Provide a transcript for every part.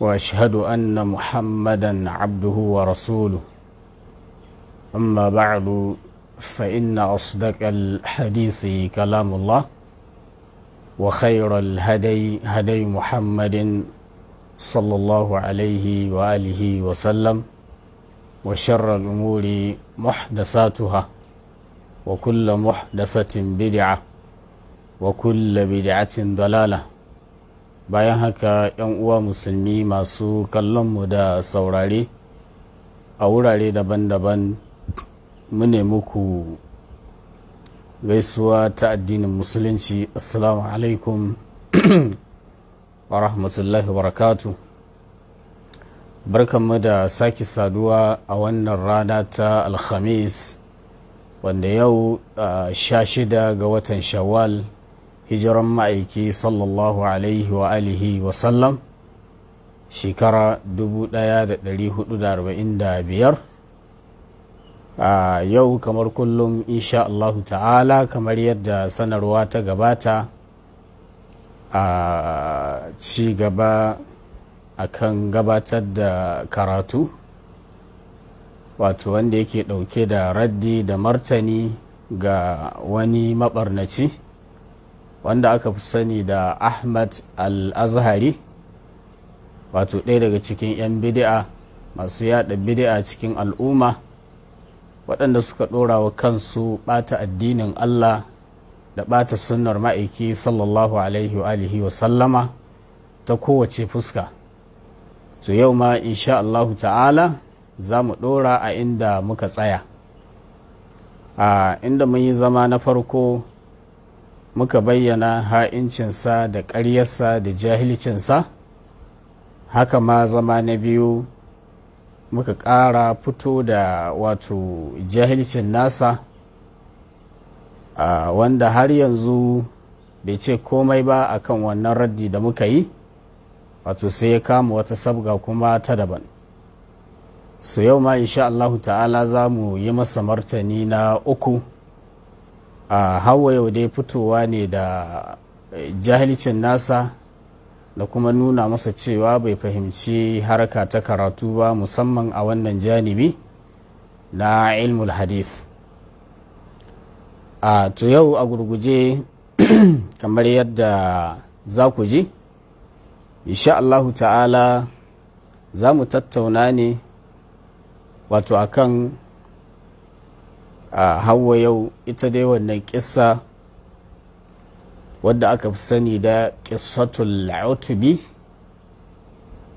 واشهد ان محمدا عبده ورسوله اما بعد فان اصدق الحديث كلام الله وخير الهدي هدي محمد صلى الله عليه واله وسلم وشر الامور محدثاتها وكل محدثه بدعه وكل بدعه ضلاله bayan haka 'yan uwa musulmi masu kallonmu da saurare a wurare daban-daban mune muku gaisuwa ta addinin musulunci assalamu alaikum wa rahmatullahi barakatu barkanmu da sake saduwa a wannan rana ta alhamis wanda yau ah, a 16 ga watan shawal. hijiran ma'aiki sallallahu alaihi wa alihi wa sallam shekara 1445 a yau kamar kullum insha Allahu ta'ala kamar yadda sanarwa ta gabata a ci gaba akan gabatar da karatu wato wanda yake dauke da raddi da martani ga wani mabarnaci wanda aka fi sani da ahmad al-azhari wato ɗaya daga cikin 'yan bidi'a masu yaɗa bidi'a cikin al'umma waɗanda suka ɗora wa kansu ɓata addinin allah da ɓata sunnar ma'aiki sallallahu alaihi wa alihi wa sallama ta kowace fuska to yau ma insha allahu ta'ala za mu ɗora a inda muka tsaya a inda mun yi zama na farko muka bayyana ha'incinsa da ƙaryarsa da jahilcinsa haka ma zama na biyu muka ƙara fito da wato jahilcin nasa a wanda har yanzu bai ce komai ba akan wannan raddi da muka yi wato sai ya kama wata sabga kuma ta daban su yau ma insha Allah ta'ala za mu yi masa martani na uku a hawa yau dai fitowa ne da eh, jahilcin nasa da kuma nuna masa cewa bai fahimci harka ta karatu ba musamman a wannan janibi na ilmul hadith a to yau a gurguje kamar yadda za ku ji insha Allahu ta'ala za mu tattauna ne wato akan a hawa yau ita dai wannan kissa wadda aka fi sani da kissatul la'otubi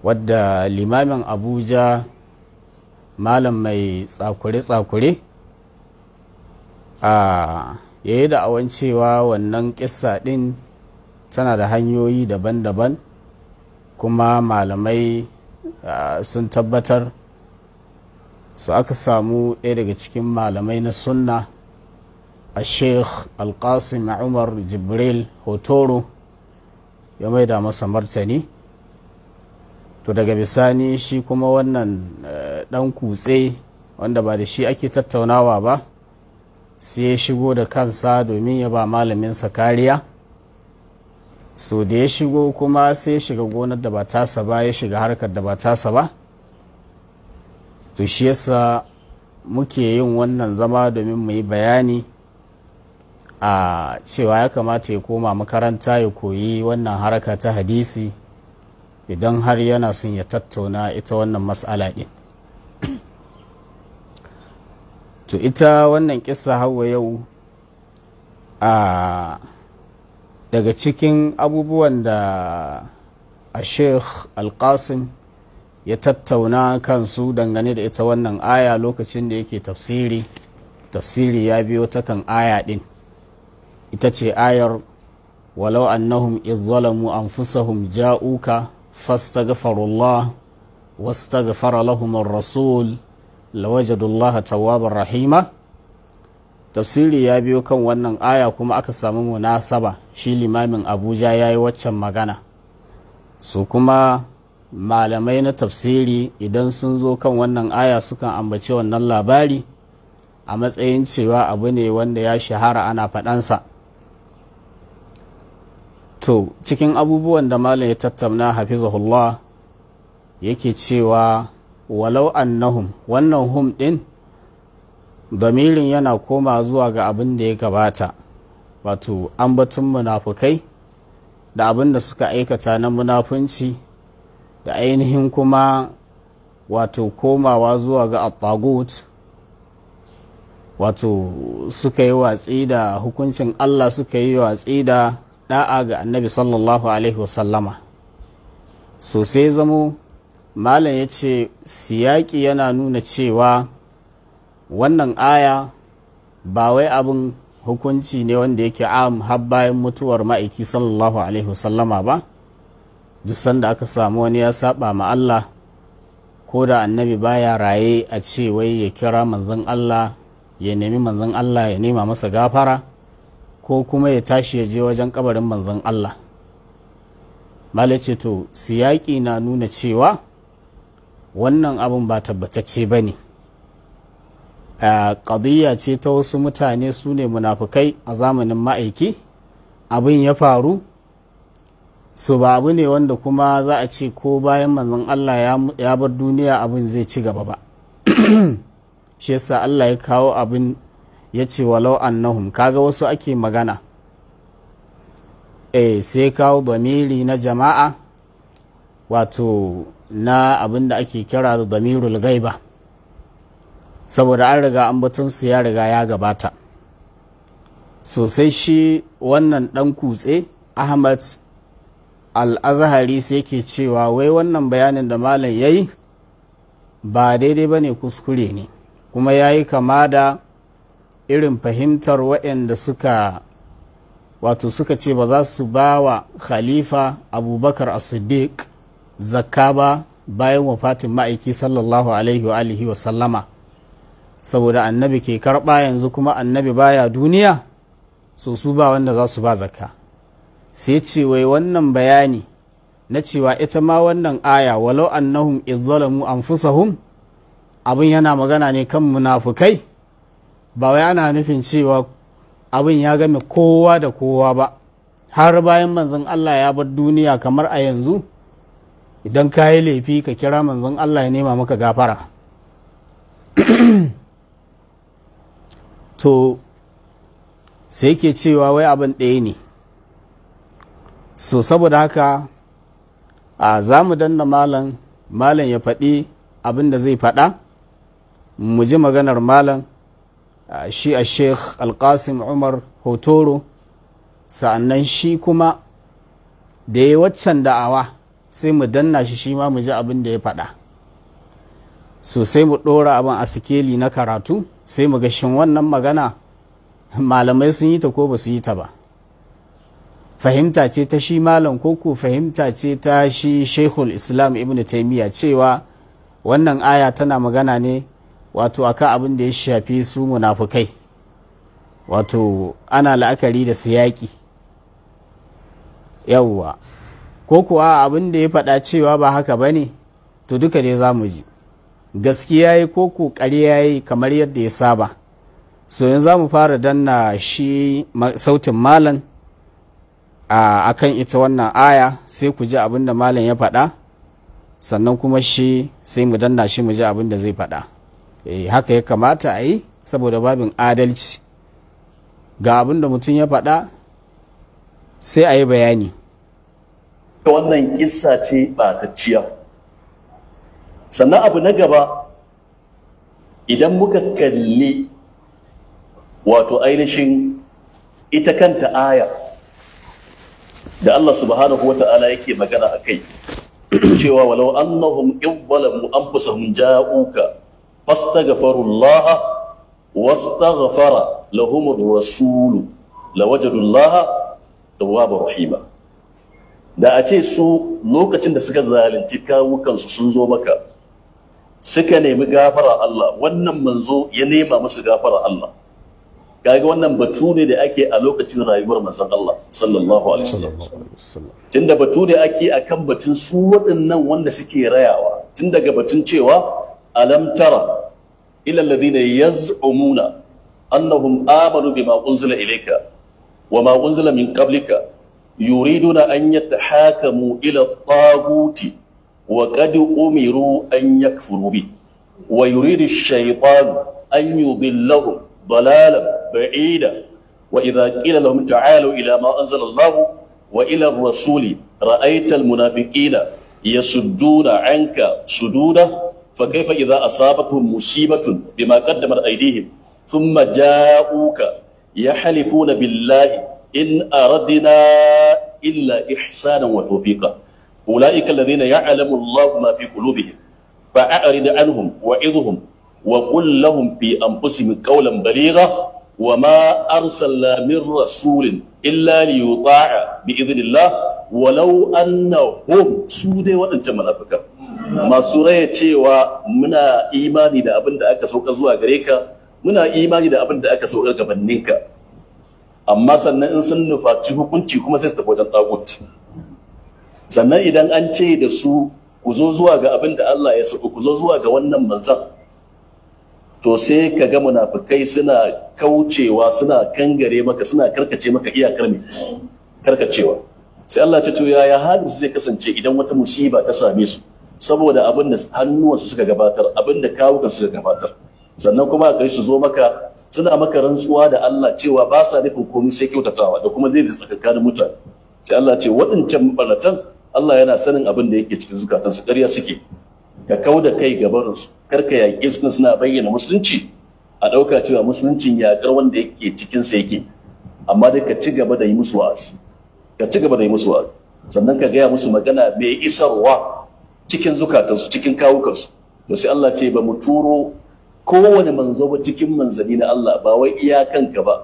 wadda limamin abuja malam mai tsakure-tsakure a yayi da awan cewa wannan kissa din tana da hanyoyi daban-daban kuma malamai sun tabbatar su aka samu ɗaya daga cikin malamai na sunna a sheikh alkasim umar jibril hotoro ya maida masa martani to daga bisani shi kuma wannan eh, ɗan kutse wanda ba da shi ake tattaunawa ba sai ya shigo da kansa domin ya ba malaminsa kariya so da ya shigo kuma sai ya shiga gonar da ba tasa ba ya shiga harkar da ba tasa ba to shi yasa muke yin wannan zama domin mu yi bayani a cewa ya kamata ya koma makaranta ya koyi wannan haraka ta hadisi idan har yana sun ya tattauna ita wannan matsala ɗin to ita wannan kisa hawa yau a daga cikin abubuwan da a sheikh alkasim ya tattauna kansu dangane da ita wannan aya lokacin da yake tafsiri tafsiri ya biyo ta kan aya din ita ce ayar walau annahum iz zalamu anfusahum ja'uka fastaghfirullah wastaghfara lahum ar-rasul lawajadullaha Allah tawwabar rahima tafsiri ya biyo kan wannan aya kuma aka samu munasaba shi limamin Abuja yayi waccan magana su kuma malamai na tafsiri idan sun zo kan wannan aya sukan ambaci wannan labari a matsayin cewa abu ne wanda ya shahara ana faɗansa to cikin abubuwan da malam ya tattauna hafizahullah yake cewa walau annahum wannan hum ɗin damirin yana koma zuwa ga abin da ya gabata wato ambatun munafukai da abin da suka aikata na munafunci da ainihin kuma wato komawa zuwa ga attagut wato suka yi watsi da hukuncin allah suka yi watsi da da'a ga annabi sallallahu alaihi wasallama sosai zamo malam ya ce siyaki yana nuna cewa wannan aya ba wai abin hukunci ne wanda yake am har bayan mutuwar ma'aiki sallallahu alaihi wasallama ba duk sanda aka samu wani ya saba ma Allah ko da annabi baya raye a ce wai ya kira manzon Allah ya nemi manzon Allah ya nema masa gafara ko kuma ya tashi ya je wajen kabarin manzon Allah ce to siyaki na nuna cewa wannan abin ba tabbatacce ba ne ƙadiyya ce ta wasu mutane su ne munafukai a zamanin ma'aiki abin ya faru so ba abu ne wanda kuma za a ce ko bayan manzon Allah ya bar duniya abin zai ci gaba ba shi yasa Allah ya kawo abin ya ce walau annahum kaga wasu ake magana eh sai kawo damiri na jama'a wato na abin da ake kira da damirul gaiba saboda an riga an batunsu ya riga ya gabata sosai shi wannan dan kutse ahmad al'azahari sai ke cewa wai wannan bayanin da malam ya yi ba daidai ba ne kuskure ne kuma ya yi kama da irin fahimtar waɗanda suka wato suka ce ba za su ba wa khalifa abubakar as-siddiq zakka ba bayan wafatin ma'aiki sallallahu alaihi wa alihi wa sallama saboda annabi ke karɓa yanzu kuma annabi baya duniya so su ba wanda za su ba zakka sai ce wai wannan bayani na cewa ita ma wannan aya walau annahum izzalamu anfusahum abin yana magana ne kan munafukai ba wai ana nufin cewa abin ya game kowa da kowa ba har bayan manzon Allah ya bar duniya kamar a yanzu idan ka yi laifi ka kira manzon Allah ya nema maka gafara to sai ke cewa wai abin ɗaya ne so saboda haka a za mu danna malam malam ya faɗi abin da zai faɗa mu ji maganar malam shi a sheikh alkasim umar hotoro sa'annan shi kuma da ya waccan da'awa sai mu danna shi shi ma mu ji abin da ya faɗa so sai mu ɗora abin a sikeli na karatu sai mu ga shin wannan magana malamai sun yi ta ko ba su yi ta ba fahimta ce ta shi malam koko fahimta ce ta shi shehul islam ibn taimiyya cewa wannan aya tana magana ne wato akan abin da ya shafi su munafukai wato ana la'akari da su yaƙi. yawwa ko kuwa abin da ya faɗa cewa ba haka ba ne to duka dai za mu ji gaskiya yi ko ku ya yi kamar yadda ya saba so yanzu za mu fara danna shi sautin malam a kan ita wannan aya sai ku ji abin da malam ya faɗa sannan kuma shi sai mu danna shi mu ji abin da zai faɗa e, haka ya kamata a yi saboda babin adalci ga abin da mutum ya faɗa sai a yi bayani wannan kissa ce ɓatacciya sannan abu na gaba idan muka kalli wato ainihin ita kanta aya da Allah subhanahu wa ta'ala yake magana a kai cewa walau annahum in zalamu anfusahum ja'uka fastaghfaru Allah wastaghfara lahum ar-rasul lawajadu Allah tawwabar rahima da a ce su lokacin da suka zalunci kawukansu sun zo maka suka nemi gafara Allah wannan manzo ya nema musu gafara Allah kaga wannan batu ne da ake a lokacin rayuwar manzon Allah sallallahu alaihi wasallam tunda batu ne ake akan batun su waɗannan wanda suke rayawa tun daga batun cewa alam tara ila alladhina yaz'umuna annahum amanu bima unzila ilayka wama unzila min qablika yuriduna an yattahakamu ila at-taguti wa qad umiru an yakfuru bi wa yuridu ash-shaytanu an yudillahum dalalan بعيدا وإذا قيل لهم تعالوا إلى ما أنزل الله وإلى الرسول رأيت المنافقين يصدون عنك صدودا فكيف إذا أصابتهم مصيبة بما قدمت أيديهم ثم جاءوك يحلفون بالله إن أردنا إلا إحسانا وتوفيقا أولئك الذين يعلم الله ما في قلوبهم فأعرض عنهم وعظهم وقل لهم في أنفسهم قولا بليغا wa ma arsalna min rasulin illa li yuta'a bi idnillah walau annahum su dai waɗancan munafikan masu raya cewa muna imani da abin da aka sauka zuwa gare ka muna imani da abin da aka sauka gabanin ka amma sannan in sun nufaci hukunci kuma sai su tafi wajen tagut sannan idan an ce da su ku zo zuwa ga abin da Allah ya ku zo zuwa ga wannan manzon to sai ka ga munafukai suna kaucewa suna kangare maka suna karkace maka iyakar mai karkacewa sai Allah ta to yaya halin su zai kasance idan wata musiba ta same su saboda abin da hannuwansu suka gabatar abin da kawukan suka gabatar sannan kuma a kai su zo maka suna maka rantsuwa da Allah cewa ba sa nufin komai sai kyautatawa da kuma zai tsakanin mutane sai Allah ce waɗancan barnatan Allah yana sanin abin da yake cikin zukatansu ƙarya suke ka kau da kai gabarinsu kar ka yaƙe su suna bayyana musulunci a ɗauka cewa musuluncin yaƙar wanda yake cikinsa yake amma dai ka ci gaba da yi musu wa'azi ka ci gaba da yi musu wa'azi sannan ka gaya musu magana mai isarwa cikin zukatansu cikin kawukansu to sai Allah ce ba mu turo kowane manzo ba cikin manzanni na Allah ba wai iyakanka ba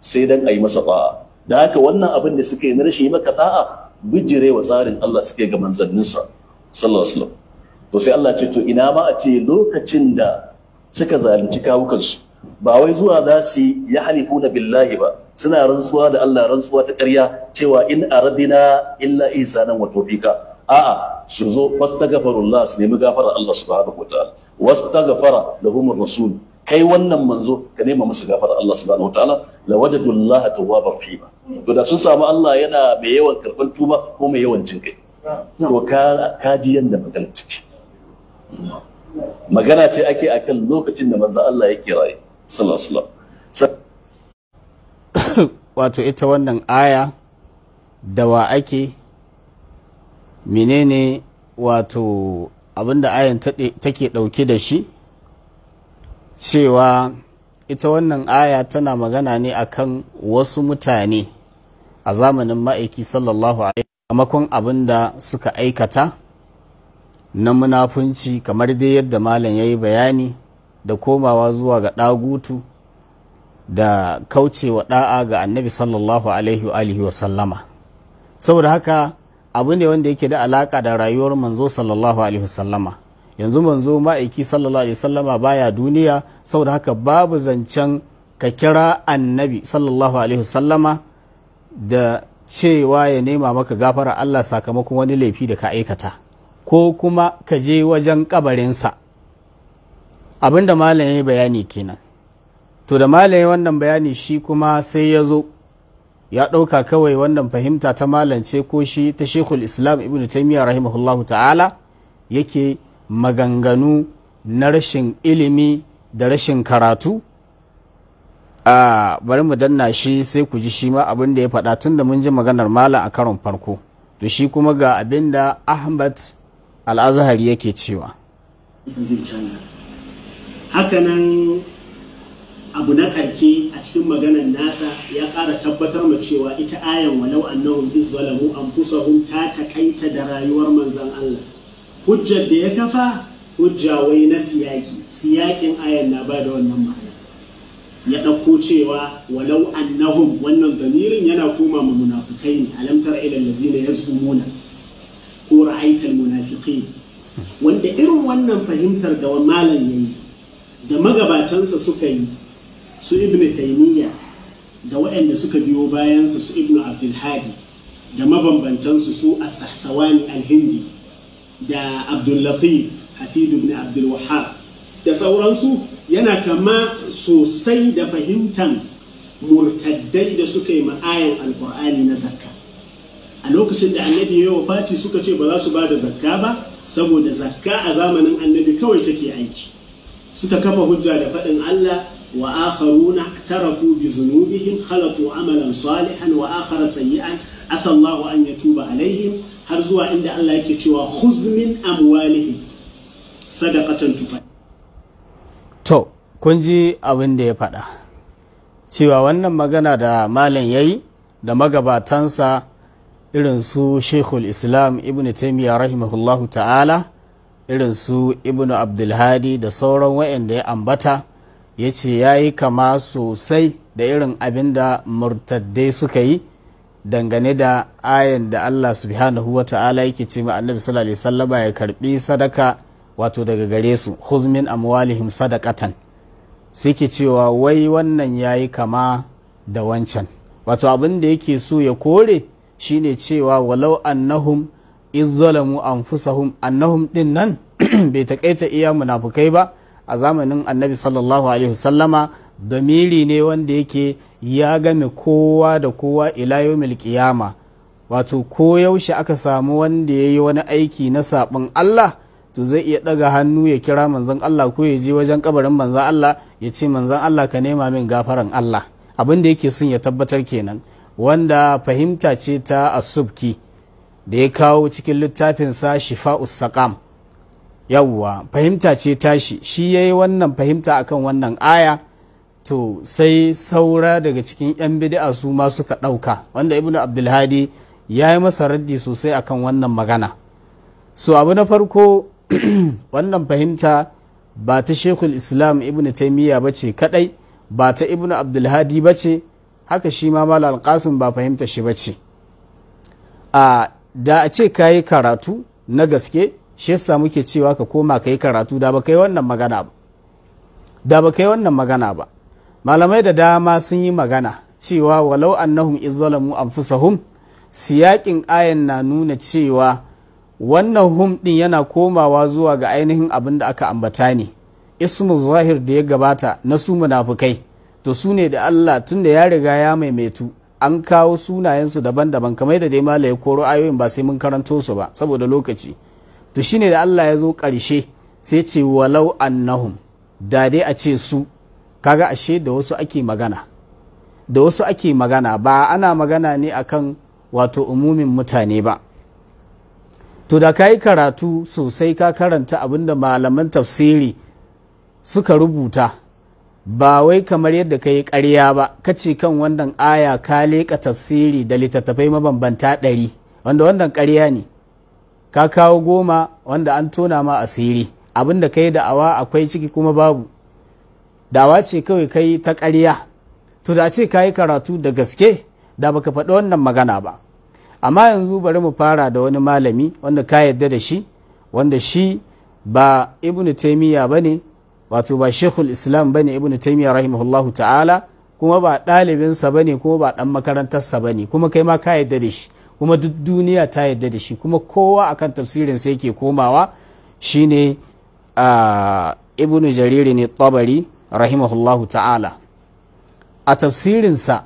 sai dan a yi masa ta'a da haka wannan abin da suka yi na rashin yi maka ta'a bijire tsarin Allah suka ga manzanninsa sallallahu alaihi wasallam to sai Allah ce to ina ma a ce lokacin da suka zalunci kawukansu ba wai zuwa za su ya na billahi ba suna rantsuwa da Allah rantsuwa ta ƙarya cewa in aradina illa nan wa tawfiqa a'a su zo fastaghfirullah su nemi gafarar Allah subhanahu wataala wastaghfara lahum rasul kai wannan manzo ka nema musu gafarar Allah subhanahu wataala lawajadullah tawwabar rahim to da sun samu Allah yana mai yawan karban tuba ko mai yawan jinkai to ka kaji yanda magana take magana ce ake a kan lokacin da manzo Allah yake raye wato ita wannan aya da wa ake menene wato abinda ayan take dauke da shi cewa ita wannan aya tana magana ne akan wasu mutane a zamanin ma'aiki sallallahu alaihi abin abinda suka aikata na munafunci kamar dai yadda malam ya yi bayani da komawa zuwa ga ɗagutu da kaucewa ɗa'a ga annabi sallallahu alaihi wa sallama saboda haka abu ne wanda yake da alaka da rayuwar manzo sallallahu alaihi wa sallama yanzu manzo ma'aiki sallallahu alaihi wa sallama baya duniya saboda haka babu zancen ka kira annabi sallallahu alaihi wa sallama da cewa ya nema maka gafara Allah sakamakon wani laifi da ka aikata ko kuma ka je wajen kabarinsa da malam ya bayani kenan to da malam ya wannan bayani shi kuma sai ya zo ya ɗauka kawai wannan fahimta ta malance ko shi ta shekul islam ibn taimiyya rahimahullahu ta'ala yake maganganu na rashin ilimi da rashin karatu a bari mu danna shi sai ku ji shi ma abin da ya faɗa tun da mun ji maganar malam a karon farko to shi kuma ga abin da ahmad al'azahari yake cewa hakanan abu na karke a cikin maganar nasa ya ƙara tabbatar ma cewa ita ayan walau annahum iz zalamu anfusahum ta takaita da rayuwar manzon Allah hujjar da ya kafa hujja wai na siyaki siyakin ayan na ba da wannan ma'ana ya ɗauko cewa walau annahum wannan damirin yana koma ma munafukai ne alamtar ilal lazina yazumuna ko ra'aitar munafiqin wanda irin wannan fahimtar da malam yayi da magabatansa suka yi su ibn taymiyya da waɗanda suka biyo bayansa su ibn abdulhadi da mabambantansu su as-sahsawani al-hindi da abdul latif hafid ibn abdul wahhab da sauransu yana kama sosai da fahimtar murtaddai da suka yi ma'ayan alkur'ani na zakka a lokacin da annabi ya Fati suka ce ba za su ba da zakka ba saboda zakka a zamanin annabi kawai take aiki suka kafa hujja da faɗin Allah wa akharuna tarafu bi zunubihim khalatu amalan salihan wa akhara sayyi'an asallahu an yatuba alaihim har zuwa inda Allah yake cewa huzmin amwalihim sadaqatan tufa to kun ji abin da ya faɗa cewa wannan magana da malam yayi da magabatansa irin su shekul islam ibn taimiyya rahimahullahu ta'ala irin su ibn abdulhadi da sauran wayanda ya ambata ya ce ya yi kama sosai da irin abin da murtaddai suka yi dangane da ayan da allah subhanahu wa ta'ala yake ce ma annabi sallallahu alaihi ya karbi sadaka wato daga gare su huzmin amwalihim sadakatan suke cewa wai wannan ya yi kama da wancan wato abin da yake so ya kore shine cewa walau annahum izzalamu anfusahum annahum din nan bai takaita iya munafukai ba a zamanin annabi sallallahu alaihi wasallama damiri ne wanda yake ya game kowa da kowa ila yawmil wato ko yaushe aka samu wanda ya yi wani aiki na sabon Allah to zai iya daga hannu ya kira manzon Allah ko ya je wajen kabarin manzon Allah ya ce manzon Allah ka nema min gafaran Allah abin da yake son ya tabbatar kenan wanda fahimta ce ta asubki da ya kawo cikin littafinsa shifa'us saqam yawwa fahimta ce tashi shi ya yi wannan fahimta akan wannan aya to sai saura daga cikin 'yan bid'a su ma suka ɗauka wanda ibn abdulhadi ya yi masa raddi sosai akan wannan magana so abu na farko wannan fahimta ba ta shekul islam ibn taimiyya ba ce kadai ba ta ibn abdulhadi ba ce haka shi ma malam alkasim ba fahimta shi ba ce a da a ce ka yi karatu na gaske shi yasa muke cewa ka koma ka yi karatu da ba ka yi wannan magana ba da ba ka yi wannan magana ba malamai da dama sun yi magana cewa walau annahum izzalamu anfusahum siyakin ayan na nuna cewa wannan hum din yana komawa zuwa ga ainihin abin da aka ambata ne ismu zahir da ya gabata na su munafukai to su ne da Allah tun da ya riga ya maimaitu an kawo sunayensu daban-daban kamar da dai malaya ko ayoyin ba sai mun karanto su ba saboda lokaci to shi ne da Allah ya zo karshe sai ce walau annahum da dai a ce su kaga ashe da wasu ake magana da wasu ake magana ba ana magana ne akan wato umumin mutane ba to da ka yi karatu sosai ka karanta abinda malaman tafsiri suka rubuta ba wai kamar yadda ka yi ƙarya ba ka ce kan wannan aya ka leƙa tafsiri da littattafai mabambanta ɗari wanda wannan ƙarya ne ka kawo goma wanda an tona ma asiri abin da ka yi da'awa akwai ciki kuma babu dawa ce kawai ka yi ta ƙarya to da ce ka yi karatu da gaske da baka faɗi wannan magana ba amma yanzu bari mu fara da wani malami wanda ka yadda da shi wanda shi ba ibnu taimiyya ba ne wato ba shekul islam bane ibn taimiyya rahimahullah ta'ala kuma ba ɗalibinsa bane kuma ba ɗan makarantarsa bane kuma kai ma ka yadda da shi kuma duk duniya ta yadda da shi kuma kowa akan tafsirin sai yake komawa shine Ibn jariri ne tabari rahimahullahu ta'ala a tafsirinsa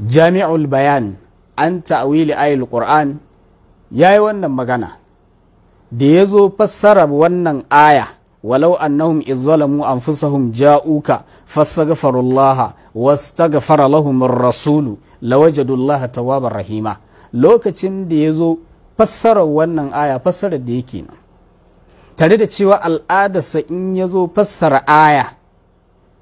jami'ul bayan an ta'wili ayil qur'an ya yi wannan magana da ya zo fassara wannan aya walau annahum izzalamu anfusahum ja'uka uka wastaghfara lahum ar-rasulu lawajadullaha tawwabar rahima lokacin da yazo fassarar wannan aya fassarar da yake nan tare da cewa al'adarsa in ya zo fassara aya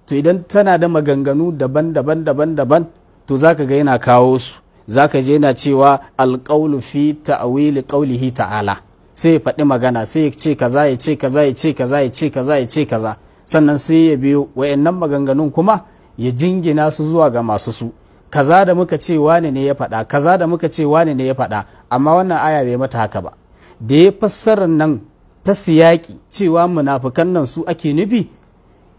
to idan tana da maganganu daban-daban daban-daban to zaka ga yana kawo su zaka je yana cewa alƙaulu fi ta'awili ƙaulihi ta'ala sai ya faɗi magana sai ya ce kaza ya ce kaza ya ce kaza ya ce kaza ya ce kaza sannan sai ya biyo wayannan maganganun kuma ya jingina su zuwa ga masu su kaza da muka ce wane ne ya faɗa kaza da muka ce wane ne ya faɗa amma wannan aya bai mata haka ba da ya fassara nan ta siyaki cewa munafukan nan su ake nufi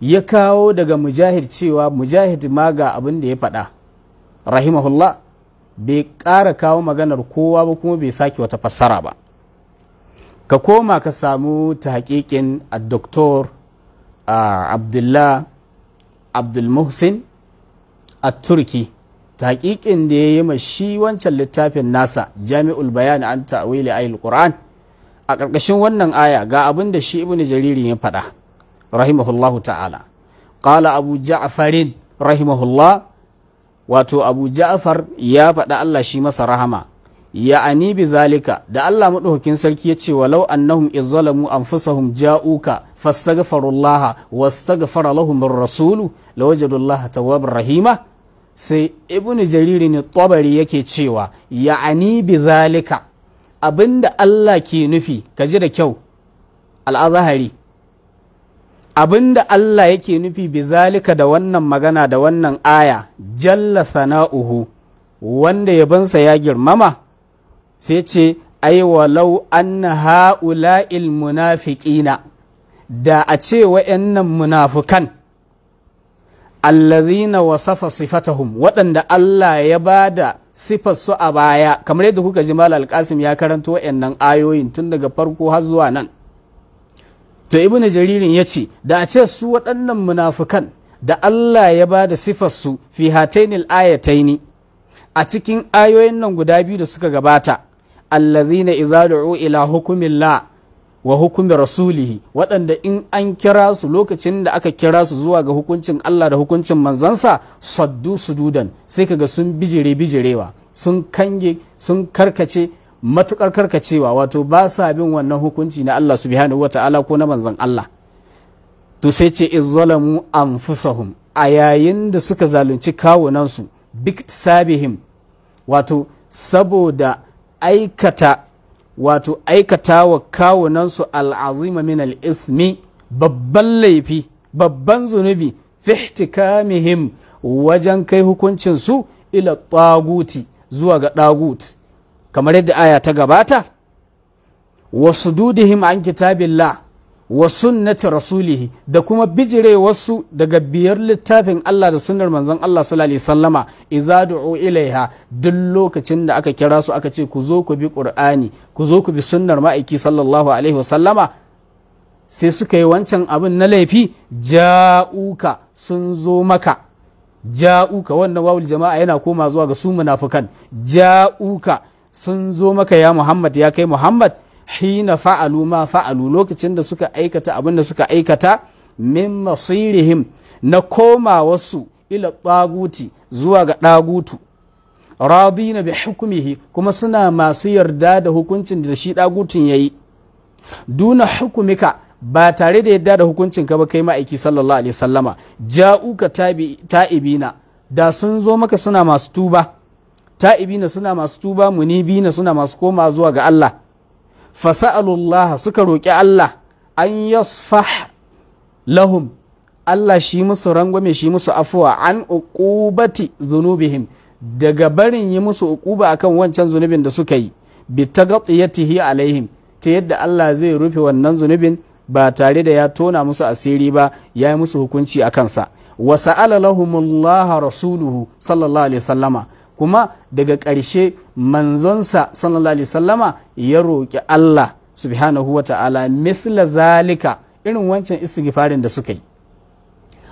ya kawo daga mujahid cewa mujahid ma ga abin da ya faɗa rahimahullah bai ƙara kawo maganar kowa ba kuma bai sake wata fassara ba ka koma ka samu ta hakikin a doktor abdullah abdulmuhsin a turki ta hakikin da ya yi ma shi wancan littafin nasa jami'ul bayan an ta'wili ayil qur'an a ƙarƙashin wannan aya ga abin da shi ibnu jariri ya faɗa rahimahullahu ta'ala qala abu ja'farin rahimahullah wato abu ja'far ya faɗa Allah shi masa rahama ya'ani bi zalika da Allah madaukakin sarki ya ce walau annahum izzalamu anfusahum ja'uka fastaghfirullah wastaghfara lahum ar-rasulu lawajadullaha tawwabar rahima sai ibnu jariri ne tabari yake cewa ya'ani bi zalika abinda Allah ke nufi kaji da kyau al-azhari abinda Allah yake nufi bi zalika da wannan magana da wannan aya jalla sana'uhu wanda yabansa ya girmama sai ce ai walau anna ha'ula'il munafiqina da a ce wa'annan munafukan allazina wasafa sifatahum waɗanda Allah ya ba da su a baya kamar yadda kuka ji mal alƙasim ya karanto wa'annan ayoyin tun daga farko har zuwa nan to ibn jaririn ya ce da a ce su waɗannan munafukan da Allah ya ba da su fi hatainil ayataini a cikin ayoyin nan guda biyu da suka gabata allazina idza du'u ila hukumillah wa hukumi rasulihi waɗanda in an kira su lokacin da aka kira su zuwa ga hukuncin Allah da hukuncin manzansa saddu sududan sai kaga sun bijire bijirewa sun kange sun karkace matukar karkacewa wato ba sa bin wannan hukunci na Allah subhanahu wata'ala ko na manzon Allah to sai ce izzalamu anfusahum a yayin da suka zalunci kawunansu bik sabihim wato saboda aikata wato aikata wa kawunansu al'azima min al'ismi babban laifi babban zunubi fihtikamihim wajen kai hukuncinsu ila tsaguti zuwa ga ɗagut kamar yadda aya ta gabata wasu dudihim an kitabillah wa sunnati rasulihi da kuma bijire wasu daga biyar littafin Allah da sunnar manzon Allah sallallahu alaihi sallama idza du'u ilaiha duk lokacin da aka kira su aka ce ku zo ku bi qur'ani ku zo ku bi sunnar ma'aiki sallallahu alaihi wasallama sai suka yi wancan abin na laifi ja'uka sun zo maka ja'uka wannan wawul jama'a yana koma zuwa ga su munafukan ja'uka sun zo maka ya Muhammad ya kai Muhammad hina fa'alu ma fa'alu lokacin da suka aikata abin da suka aikata min masirihim na koma wasu ila ɗaguti zuwa ga ɗagutu radina bi hukumihi kuma suna masu yarda da hukuncin da shi ɗagutun ya yi duna hukumika ba tare da yarda da hukuncin ka ba kai ma'aiki sallallahu alaihi sallama ja'uka ta'ibina da sun zo maka suna masu tuba ta'ibina suna masu tuba munibina suna masu koma zuwa ga Allah fasa'alullaha suka roƙi Allah an yasfah lahum Allah shi musu rangwame shi musu afuwa an uqubati zunubihim daga barin yi musu uquba akan wancan zunubin da suka yi bi taghatiyatihi alaihim ta yadda Allah zai rufe wannan zunubin ba tare da ya tona musu asiri ba ya yi musu hukunci a kansa wasa'ala rasuluhu sallallahu alaihi wasallama kuma daga ƙarshe manzonsa sallallahu alaihi sallama ya roƙi Allah subhanahu wa ta'ala mithla zalika irin wancan istighfarin da suka yi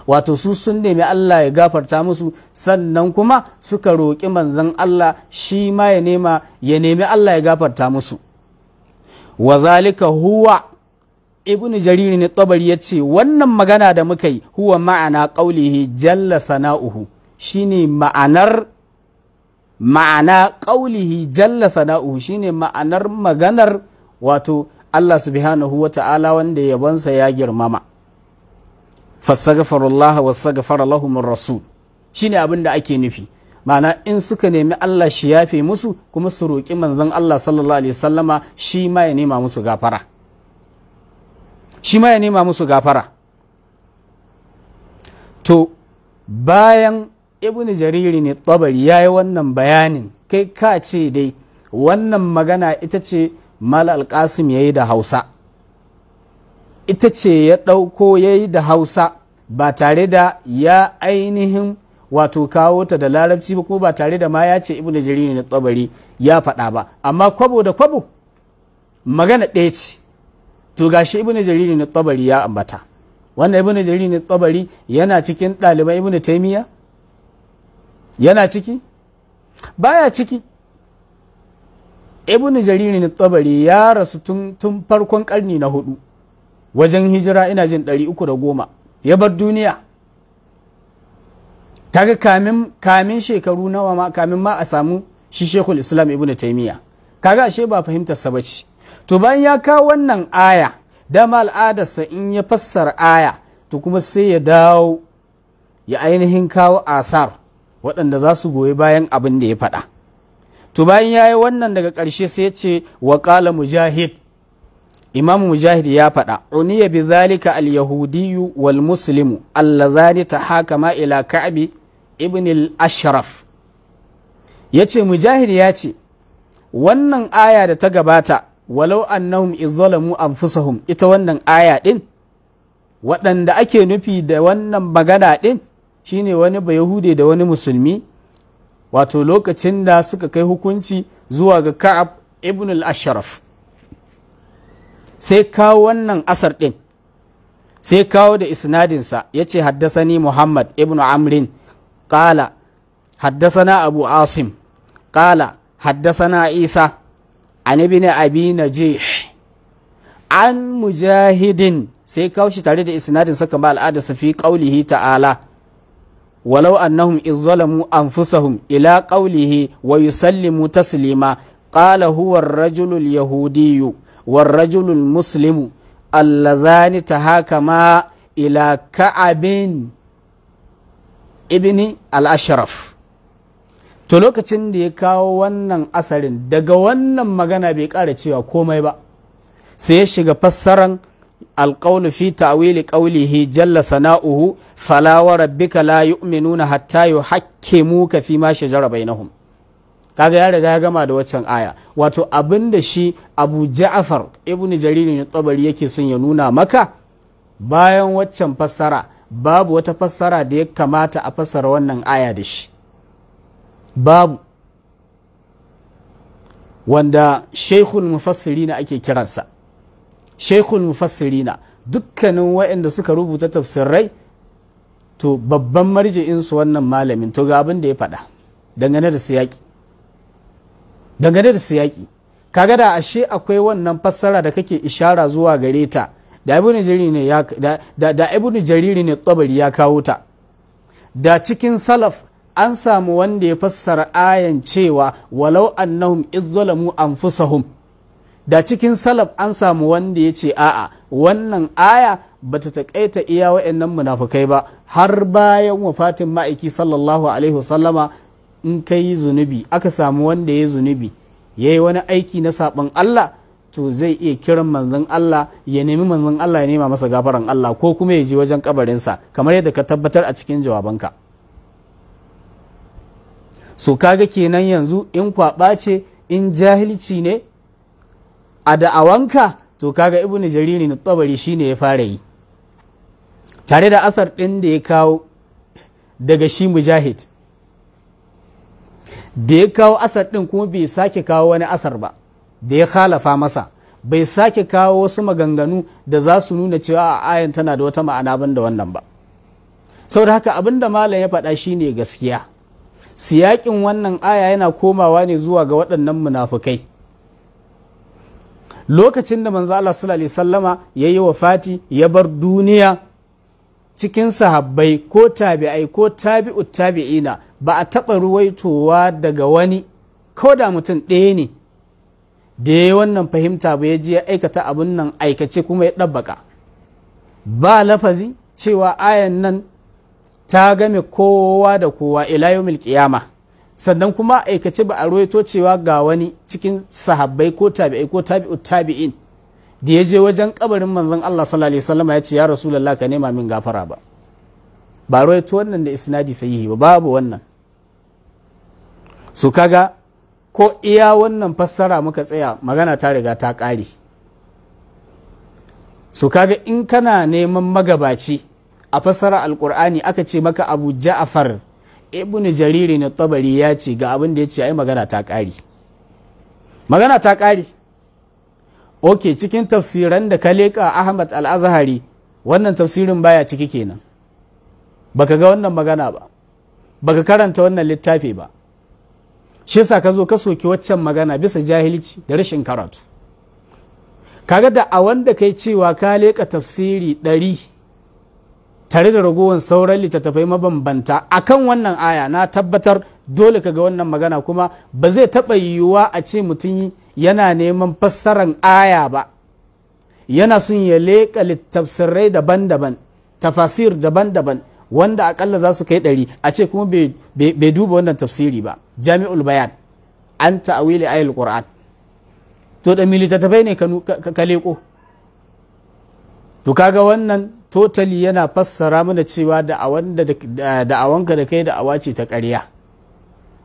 wato su sun nemi Allah ya gafarta musu sannan kuma suka roƙi manzon Allah shi ma ya nema ya nemi Allah ya gafarta musu wa zalika huwa ibn jarir ne tabari yace wannan magana da muka yi huwa ma'ana qaulihi jalla sana'uhu shine ma'anar ma'ana ƙaulihi jalla sana'u shine ma'anar maganar wato Allah subhanahu wa ta'ala wanda yabansa ya girmama fassagafarullaha wassagafara lahumur rasul shine abin da ake nufi ma'ana in suka nemi Allah shi yafe musu kuma su roƙi manzon Allah sallallahu alaihi sallama shi ma ya nema musu gafara shi ma ya nema musu gafara to bayan ibn jariri ne tabari ya yi wannan bayanin kai ka ce dai wannan magana ita ce mal alƙasim ya yi da hausa ita ce ya ɗauko ya yi da hausa ba tare da ya ainihin wato kawo ta da larabci ba kuma ba tare da ma ya ce ibn jariri ne tabari ya faɗa ba amma kwabo da kwabo magana ɗaya ce to gashi ibn jariri ne tabari ya ambata wannan ibn jariri ne tabari yana cikin ɗaliban ibn taimiyya yana ciki baya ciki ibn na tsabari ya rasu tun farkon karni na hudu wajen hijira ina jin ɗari uku da goma. ya bar duniya kaga kamin kamin shekaru nawa ma kamin ma a samu shi shekul islam ibn taimiya kaga ashe ba fahimtar sa bace to bayan ya kawo wannan aya dama al'adarsa in ya fassara aya to kuma sai ya dawo ya ainihin kawo asar waɗanda za su goyi bayan abin da ya faɗa to bayan ya yi wannan daga ƙarshe sai ya ce ƙala mujahid imam mujahid ya faɗa uniya bi zalika al yahudiyu wal muslimu allazani tahakama ila ka'bi ibn al ashraf yace mujahid ya ce wannan aya da ta gabata walau annahum izzalamu anfusahum ita wannan aya din waɗanda ake nufi da wannan magana din shine wani bayahude da wani musulmi wato lokacin da suka kai hukunci zuwa ga ka'ab ibn al-ashraf sai kawo wannan asar ɗin sai kawo da isnadinsa ya ce haddasani muhammad ibn amrin ƙala haddasana abu asim ƙala haddasana isa an ibn abi najih an mujahidin sai kawo shi tare da isnadinsa kamar al'adarsa fi ƙaulihi ta'ala walau annahum izzalamu anfusahum ila qawlihi wa yusallimu taslima Ƙala huwa rajulul rajulu al-yahudiyyu war-rajulu al-muslimu allazani tahakama ila ka'abin ibni al-ashraf to lokacin da ya kawo wannan asarin daga wannan magana bai ƙara cewa komai ba sai ya shiga fassaran alƙaunu fi ta'wili ƙaulihi jalla sana'uhu fala wa rabbika la yu'minuna hatta yuhakkimuka fi ma shajara bainahum kaga ya riga ya gama da waccan aya wato abinda shi Abu Ja'far Ibn Jarir ne tsabari yake son ya nuna maka bayan waccan fassara babu wata fassara da ya kamata a fassara wannan aya da shi babu wanda Sheikhul mufassiri ake kiransa shekul mufassirina dukkanin waɗanda suka rubuta tafsirai to babban marji'in su wannan malamin to ga abin da ya faɗa dangane da siyaki dangane da siyaki kaga da ashe akwai wannan fassara da kake ishara zuwa gare ta da ibnu jariri ne tsabari ya kawo ta da cikin salaf an samu wanda ya fassara ayan cewa walau annahum izzalamu anfusahum da cikin salaf an samu wanda ya ce a'a wannan aya bata taƙaita iya wa'annan munafukai ba har bayan wafatin ma'aiki sallallahu alaihi wasallama in ka yi zunubi aka samu wanda ya yi zunubi ya yi wani aiki na saɓin Allah to zai iya kiran manzon Allah ya nemi manzon Allah ya nema masa gafaran Allah ko kuma ya je wajen kabarinsa kamar yadda ka tabbatar a cikin jawabanka so kaga kenan yanzu in kwaɓa ce in jahilci ne a da'awanka to kaga Ibn jariri na shi shine ya fara yi tare da asar ɗin da ya kawo daga shi mujahid da ya kawo asar ɗin kuma bai sake kawo wani asar ba da ya halafa masa bai sake kawo wasu maganganu da za su nuna cewa a ayan tana da wata ma'ana ban da wannan ba Sau da haka abin da malam ya faɗa shi ne gaskiya siyakin wannan aya yana komawa ne zuwa ga waɗannan munafukai lokacin da manzo Allah sallallahu alaihi sallama ya yi wafati ya bar duniya cikin sahabbai ko tabi'ai ko tabi'u tabi'ina ba a taɓa ruwaitowa daga wani ko da mutum ɗaya ne da ya wannan fahimta ba ya je ya aikata abin nan aikace kuma ya ɗabbaka ba lafazi cewa ayan nan ta game kowa da kowa ila yawmil qiyamah sannan kuma aikace ba a roito cewa ga wani cikin sahabbai ko tabi'ai ko tabi'u tabi'in da ya je wajen kabarin manzon Allah sallallahu alaihi wasallam ya ce ya rasulullah ka nema min gafara ba ba roito wannan da isnadi sahihi ba babu wannan su kaga ko iya wannan fassara muka tsaya magana ta riga ta ƙare su kaga in kana neman magabaci a fassara alkur'ani aka ce maka abu ja'afar ibn jariri na tabari ya ce ga abin da ya ce ai magana ta ƙari magana ta ƙari ok cikin tafsiran da ka leƙa ahmad al-azhari wannan tafsirin baya ciki kenan baka ga wannan magana ba baka karanta wannan littafi ba shi yasa ka zo ka soki waccan magana bisa jahilci da rashin karatu kaga da a wanda kai cewa ka leƙa tafsiri ɗari tare da ragowar sauran littattafai mabambanta akan wannan aya na tabbatar dole ka ga wannan magana kuma ba zai taɓa yiwuwa a ce mutum yana neman fassaran aya ba yana sun ya leƙa littafsirai daban-daban tafasir daban-daban wanda akalla za su kai ɗari a ce kuma bai duba wannan tafsiri ba jami'ul bayan an ta'awili ayyul qur'an to da militattafai ne ka leƙo to kaga wannan totali yana fassara mana cewa wanka da kai da'awa ce ta karya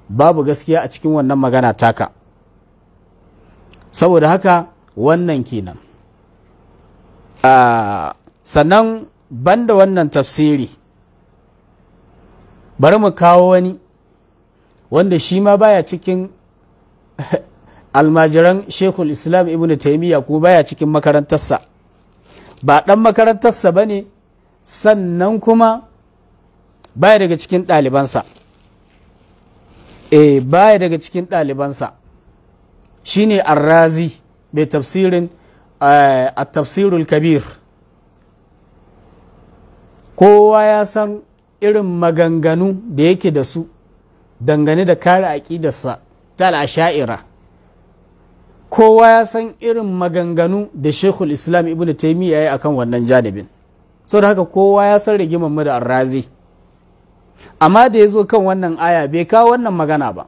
babu gaskiya a cikin wannan magana taka saboda haka wannan kenan ah, sannan banda wannan tafsiri bari mu kawo wani wanda shi ma baya cikin almajiran shekul islam ibn taimiyya ko baya cikin makarantarsa ba ɗan makarantarsa ba ne sannan kuma baya daga cikin ɗalibansa ba eh, baya daga cikin ɗalibansa Shi shine arrazi mai tafsirin eh, a tafsirul kabir kowa ya san irin maganganu da yake da su dangane da kare aƙidarsa ta sha'ira. kowa ya san irin maganganu da shekul islam ibn taimiyya ya yi akan wannan janibin so da haka kowa ya san rigimar mu da arrazi amma da ya zo kan wannan aya bai kawo wannan magana ba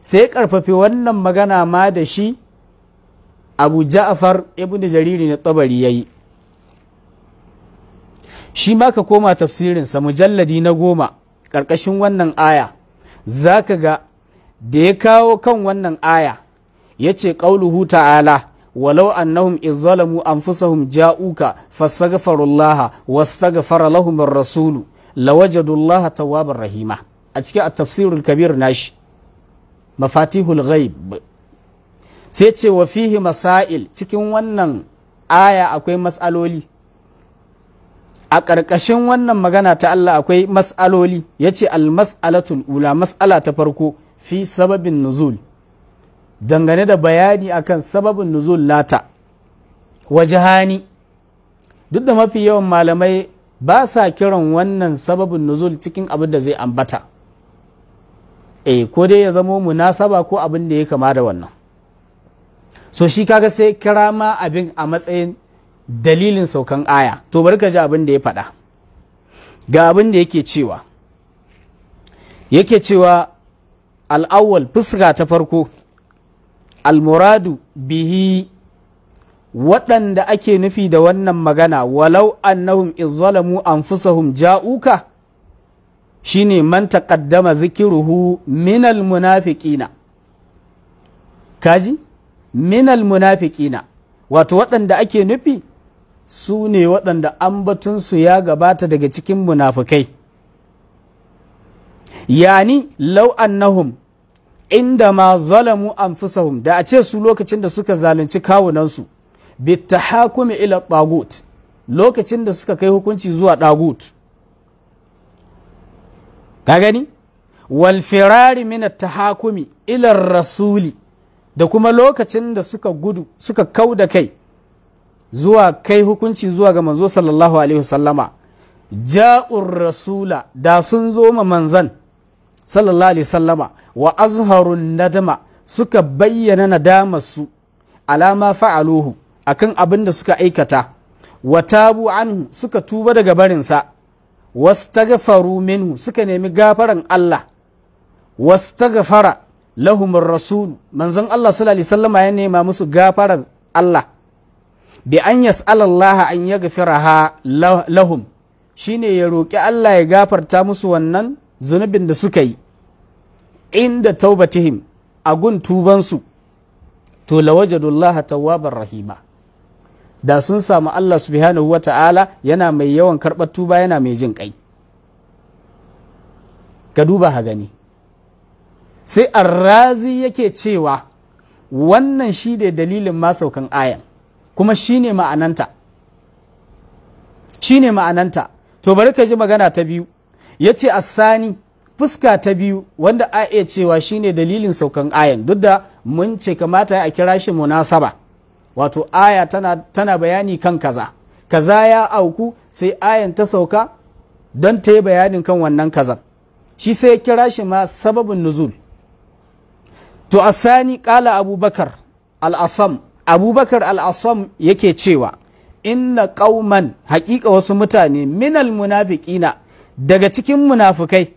sai karfafi wannan magana ma da shi abu ja'afar ibn jariri na tsabari ya yi shi ma ka koma tafsirin sa mujalladi na goma ƙarƙashin wannan aya za ka ga da ya kawo kan wannan aya Ya ce ƙauluhu ta'ala walau annahum iz zalamu anfusahum ja'uka fastaghfirullaha wastaghfara lahum ar-rasul lawajadullaha tawwabar rahima a cikin at-tafsirul kabir nashi mafatihul ghaib sai ce wa fihi masail cikin wannan aya akwai matsaloli a ƙarƙashin wannan magana ta Allah akwai matsaloli ya ce almas'alatul ula mas'ala ta farko fi sababin nuzul dangane da bayani akan sababin nuzul lata wajahani duk da mafi yawan malamai ba sa kiran wannan sababin nuzul cikin abin da zai ambata e ko dai ya zamo munasaba ko abin da ya kama da wannan so shi kaga sai kira ma abin a matsayin dalilin saukan aya to bari ka ji abin da ya faɗa ga abin da yake cewa yake cewa al'awwal fuska ta farko almuradu bihi waɗanda ake nufi da wannan magana walau annahum izzalamu anfusahum ja'uka shine man taqaddama zikiruhu minal munafiqina kaji minal munafiqina wato waɗanda ake nufi su ne waɗanda ambatunsu ya gabata daga cikin munafukai yani law annahum inda ma zalamu an da a ce su lokacin da suka zalunci kawunansu hakumi ila tagut lokacin da suka kai hukunci zuwa tagut ka gani wal firari min ila rasuli da kuma lokacin da suka gudu suka kau da kai zuwa kai hukunci zuwa ga manzo sallallahu alaihi wasallama ja'ur rasula da sun zo ma manzan sallallahu alaihi sallama wa azharun nadama suka bayyana su alama fa'aluhu akan abin da suka aikata wa tabu anhu suka tuba daga barinsa wastaghfaru minhu suka nemi gafaran Allah wastaghfara lahum rasul manzon Allah sallallahu alaihi sallama ya nema musu gafaran Allah bi an yas'ala Allah an yaghfiraha lahum shine ya roki Allah ya gafarta musu wannan zunubin da suka yi inda taubatihim a gun tubansu to lawajadullaha tawwabar rahima da sun samu Allah subhanahu wa ta'ala yana mai yawan karɓar tuba yana mai jin ƙai ka duba ha gani sai arrazi yake cewa wannan shi ne dalilin masaukan ayan kuma shi ne ma'ananta shi ne ma'ananta to bari ka ji magana ta biyu ya ce sani fuska ta biyu wanda a iya cewa shine dalilin saukan ayan duk da mun ce kamata a kira shi munasaba wato aya tana, tana bayani kan kaza kaza ya auku sai ayan ta sauka don ta yi bayanin kan wannan kaza shi sai kira shi ma sababin nuzul to a sani kala abubakar al'asam abubakar al'asam yake cewa inna kauman haƙiƙa wasu mutane minal munafiqina daga cikin munafukai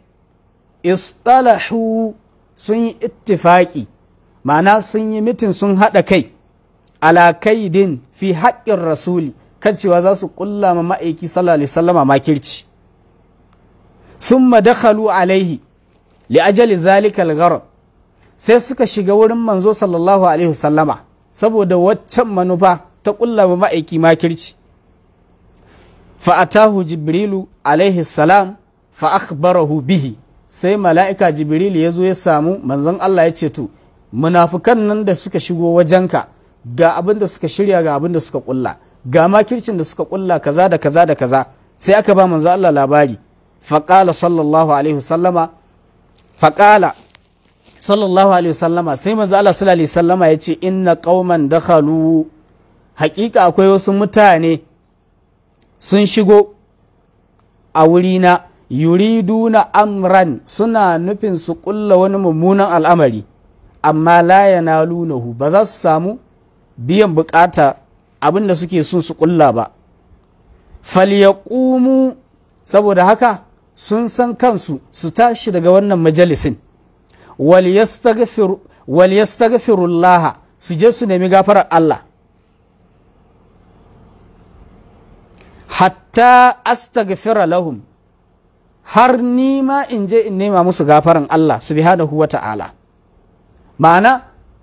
istalahu sun yi ittifaki ma'ana sun yi mitin sun haɗa kai ala fi haƙƙin rasuli kan cewa za su ƙulla ma ma'aiki alaihi sallama makirci sun madakhalu alaihi li ajali zalikal gharab sai suka shiga wurin manzo sallallahu alaihi sallama saboda waccan manufa ta ƙulla ma ma'aiki makirci fa'atahu jibrilu alaihi salam fa bihi sai mala'ika jibrilu ya zo ya samu manzon Allah ya ce to munafukan nan da suka shigo wajenka ga abin da suka shirya ga abin da suka kulla ga makircin da suka kulla kaza da kaza da kaza sai aka ba manzo Allah labari faƙala sallallahu alaihi wasallama faƙala sallallahu alaihi wasallama sai manzo Allah sallallahu alaihi wasallama ya ce inna qauman dakhalu haƙiƙa akwai wasu mutane sun shigo a wurina yuriduna amran suna nufin su kulla wani mummunan al'amari amma la lunahu ba za su samu biyan bukata abin da suke son su kulla ba falyaqumu saboda haka sun san kansu su tashi daga wannan majalisin wal yastaghfirullaha su je su nemi gafarar Allah hatta astaghfira lahum har ni ma in je in nema musu gafaran Allah subhanahu wa ta'ala ma'ana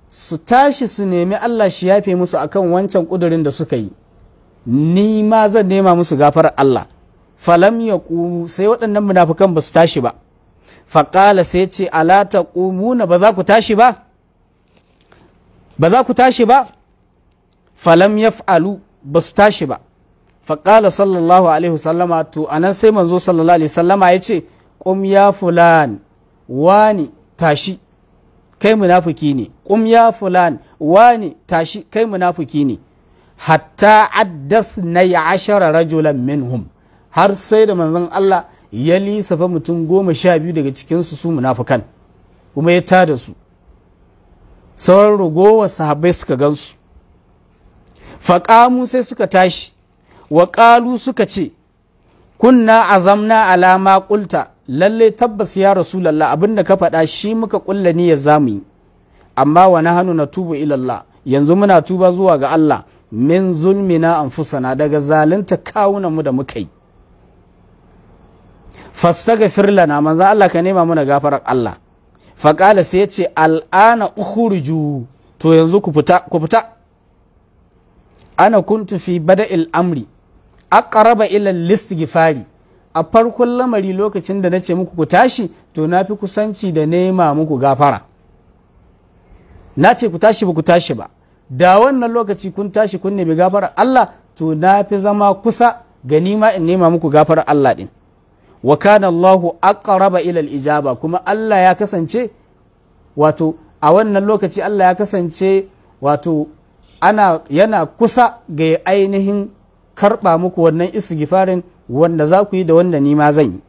su tashi su nemi Allah shi yafe musu akan wancan kudurin da suka yi ni ma zan nema musu gafarar Allah falam ya sai waɗannan munafukan ba su tashi ba faƙala sai ce ala ta na ba za ku tashi ba ba za ku tashi ba falam ya ba su tashi ba faƙala sallallahu alaihi wasallama to anan sai manzo sallallahu alaihi wasallama ya ce ƙum ya fulan wani tashi kai munafuki ne ƙum ya fulan wani tashi kai munafuki ne hatta addas na ya ashara rajulan minhum har sai da manzon Allah ya lissafa mutum goma sha biyu daga cikinsu su munafukan kuma ya tada su sauran ragowar sahabbai suka gansu faƙamu sai suka tashi waƙalu suka ce kunna azamna alama ƙulta lalle tabbas ya rasulallah abinda ka faɗa shi muka ƙulla ne ya zamu amma wa na hannu na tubu ilallah yanzu muna tuba zuwa ga Allah min zulmina anfusana daga zalunta kawunan mu da muka yi fastaghfir lana manzo Allah ka nema muna gafarar Allah faƙala sai ya ce al'ana ukhruju to yanzu ku fita ku fita ana kuntu fi bada'il amri aqraba ila listighfari a farkon lamari lokacin da nace muku ku tashi to na fi kusanci da nema muku gafara na ce ku tashi ba ku tashi ba da wannan lokaci kun tashi kun nemi gafara Allah to na fi zama kusa gani ma in nema muku gafara Allah din wa kana Allah aqraba ila ijaba kuma Allah ya kasance wato a wannan lokaci Allah ya kasance wato ana yana kusa ga ainihin karɓa muku wannan istighfarin wanda za ku yi da wanda ni ma zan yi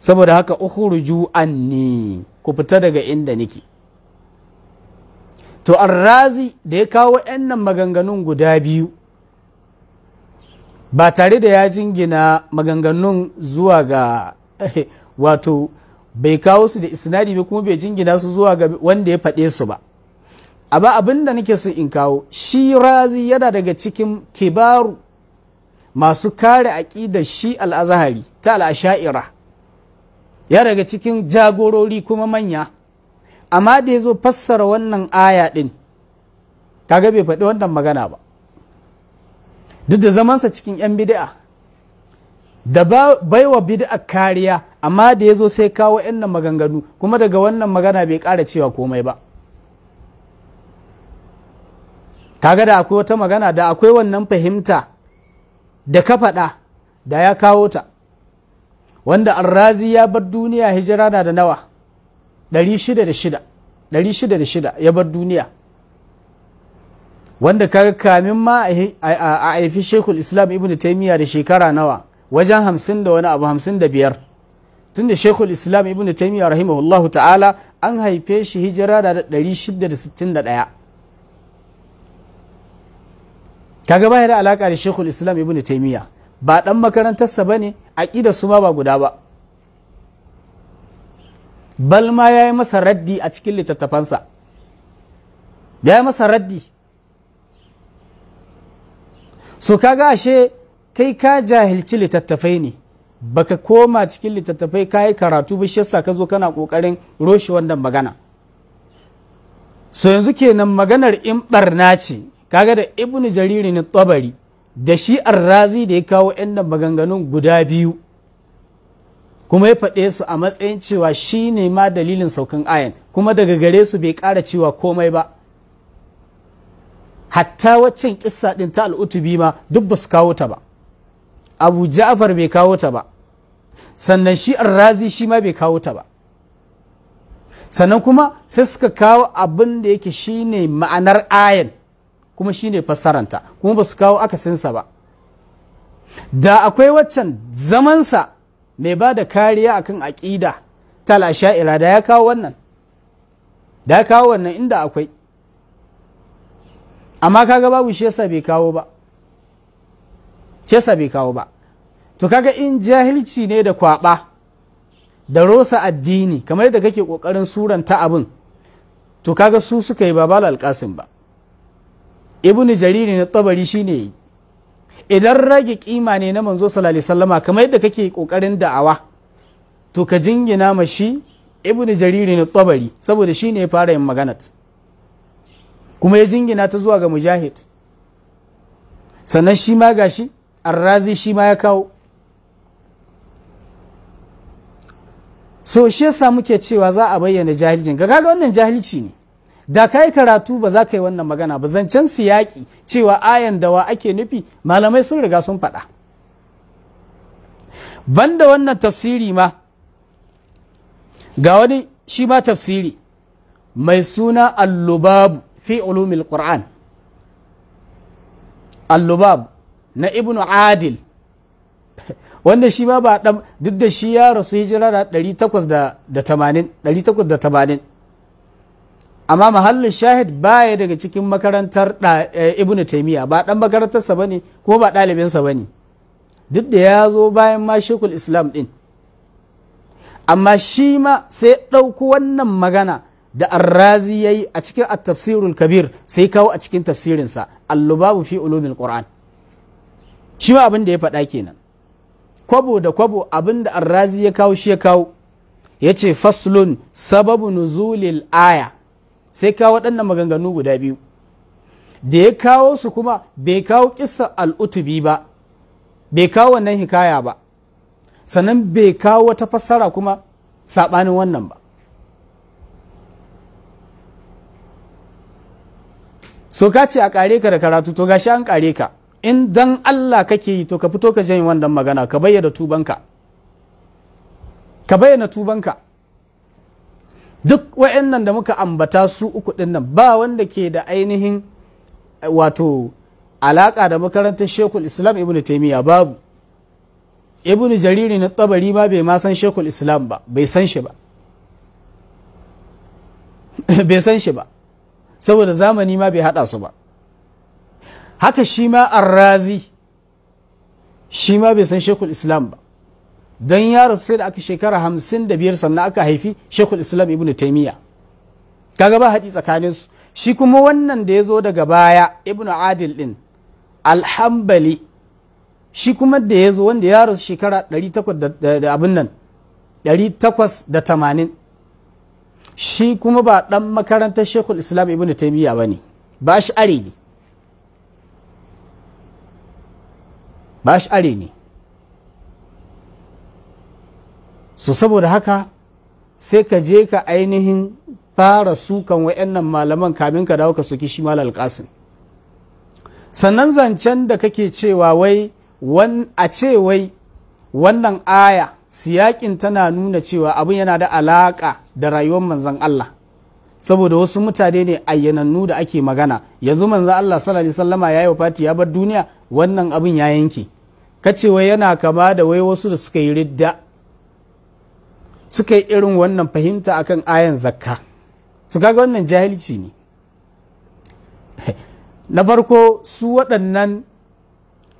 saboda haka ukhruju anni ku fita daga inda nake to arrazi da ya kawo nan maganganun guda biyu ba tare da ya jingina maganganun zuwa ga wato bai kawo su da isnadi ba kuma bai jingina su zuwa ga wanda ya faɗe su ba abu abin da nake so in kawo shi razi yana daga cikin kibaru masu kare da shi al'azahari ta al'asha'ira ya daga cikin jagorori kuma manya amma da ya zo fassara wannan aya ɗin kaga bai faɗi wannan magana ba duk da zamansa cikin 'yan bid'a da bai wa bid'a kariya amma da ya zo sai kawo 'yan maganganu kuma daga wannan magana bai ƙara cewa komai ba. kaga da akwai wata magana da akwai wannan fahimta da ka faɗa da ya kawo ta wanda arrazi ya bar duniya hijira na da nawa 606 ya bar duniya wanda kaga kamin ma a haifi shekul islam ibn taimiyya da shekara nawa wajen hamsin da wani abu hamsin da biyar tun da shekul islam ibn taimiyya rahimahullahu ta'ala an haife shi hijira da 661 kaga ba da alaka da shekul islam ibn taimiyya ba dan makarantarsa ba ne aƙida su ma ba guda ba bal ma ya yi masa raddi a cikin littattafansa ya yi masa raddi so kaga ashe kai ka jahilci littattafai ne baka koma cikin littattafai ka yi karatu ba shi ka zo kana ƙoƙarin roshi wannan magana so yanzu kenan maganar in ɓarna ce kaga da ibnu jariri ne tsabari da shi arrazi da ya kawo yan maganganun guda biyu kuma ya faɗe su a matsayin cewa shi ne ma dalilin saukan ayan kuma daga gare su bai ƙara cewa komai ba hatta waccan kissa ɗin ta al'utubi ma duk ba su kawo ta ba abu ja'afar bai kawo ta ba sannan shi arrazi shi ma bai kawo ta ba sannan kuma sai suka kawo abin da yake ne ma'anar ayan kuma shine fassaranta kuma ba su kawo akasinsa ba da akwai waccan zamansa mai ba da kariya akan aƙida ta asha'ira da ya kawo wannan da ya kawo wannan inda akwai amma kaga babu shi yasa bai kawo ba shi yasa bai kawo ba to kaga in jahilci ne da kwaba da rosa addini kamar yadda kake kokarin suranta abin to kaga su suka yi babal alkasim ba ibn jariri na tabari shine idan rage kima ne na manzo sallallahu alaihi wasallama kamar yadda kake kokarin da'awa to ka jingina ma shi ibn jariri na tabari saboda shine ya fara yin maganat kuma ya jingina ta zuwa ga mujahid sannan shi ma gashi arrazi shi ma ya kawo so shi yasa muke cewa za a bayyana jahilcin ga kaga wannan jahilci ne da ka karatu ba za ka yi wannan magana ba zancen siyaki cewa ayan dawa ake nufi malamai sun riga sun faɗa banda wannan tafsiri ma ga wani shi ma tafsiri mai suna allubabu fi ulumil qur'an allubab na ibnu adil wanda shi ma ba duk da shi ya rasu hijira da 880 amma mahallin shahid baya daga cikin makarantar eh, ibn taimiyya ba dan makarantarsa bane ko ba ɗalibinsa bane duk da ya zo bayan ma shekul islam din amma shi ma sai ɗauko wannan magana da arrazi ya yi a cikin tafsirul kabir sai kawo a cikin tafsirinsa allubabu fi ulumin qur'an shi ma abin da ya faɗa kenan kwabo da kwabo abin da arrazi ya kawo shi ya kawo ya ce faslun sababu nuzulil aya sai kawo waɗannan maganganu guda biyu da ya kawo su kuma bai kawo kisa al'utubi ba bai kawo wannan hikaya ba sannan bai kawo wata fassara kuma saɓanin wannan ba so ka ce a kare ka da karatu to gashi an kare ka in dan Allah kake yi to ka fito ka janye wannan magana ka bayyana tubanka ka bayyana tubanka duk wa'annan da muka ambata su uku ɗin nan ba wanda ke da ainihin wato alaƙa da makarantar shekul islam ibn taimiyya babu ibn jariri na tsabari ma bai ma san shekul islam ba bai san shi ba bai san shi ba saboda zamani ma bai haɗa su ba haka shi ma arrazi shi ma bai san shekul islam ba dan yaro sai da aka shekara hamsin da biyar sannan aka haifi shekul islam ibn taimiyya kaga ba haɗi tsakanin su shi kuma wannan da ya zo daga baya ibn adil din alhambali shi kuma da ya zo wanda ya rasu shekara takwas da abin nan Ɗari takwas da tamanin. shi kuma ba ɗan makarantar shekul islam ibn taimiyya ba ne ba shi are ne ba shi are ne Su saboda haka sai ka je ka ainihin fara sukan wa'annan malaman kamin ka dawo ka soki shi malal qasim sannan zancen da kake cewa wai a ce wai wannan aya siyakin tana nuna cewa abin yana da alaka da rayuwar manzan Allah saboda wasu mutane ne ayyanannu da ake magana yanzu manzan Allah sallallahu alaihi wasallama yayi wafati ya bar duniya wannan abin ya yanke kace wai yana kama da wai wasu da suka yi ridda suka yi irin wannan fahimta akan ayan zakka su kaga wannan jahilci ne na farko su waɗannan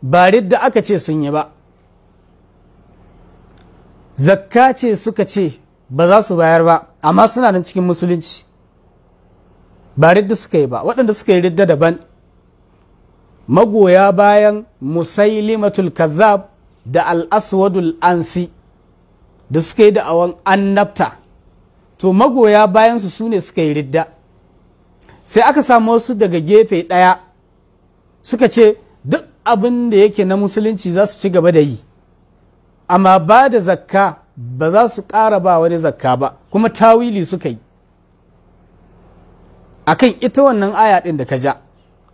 ba da aka ce sun yi ba zakka ce suka ce ba za su bayar ba amma suna nan cikin musulunci ba ridda suka yi ba waɗanda suka yi ridda daban magoya bayan musailimatul kazzab da al-aswadul ansi da suka yi da da'awan annabta to magoya bayansu su ne suka yi ridda sai aka samu wasu daga gefe ɗaya suka ce duk abin da yake na musulunci za su ci gaba da yi amma ba da zakka ba za su ƙara ba wani zakka ba kuma tawili suka yi akan ita wannan aya ɗin da ka ja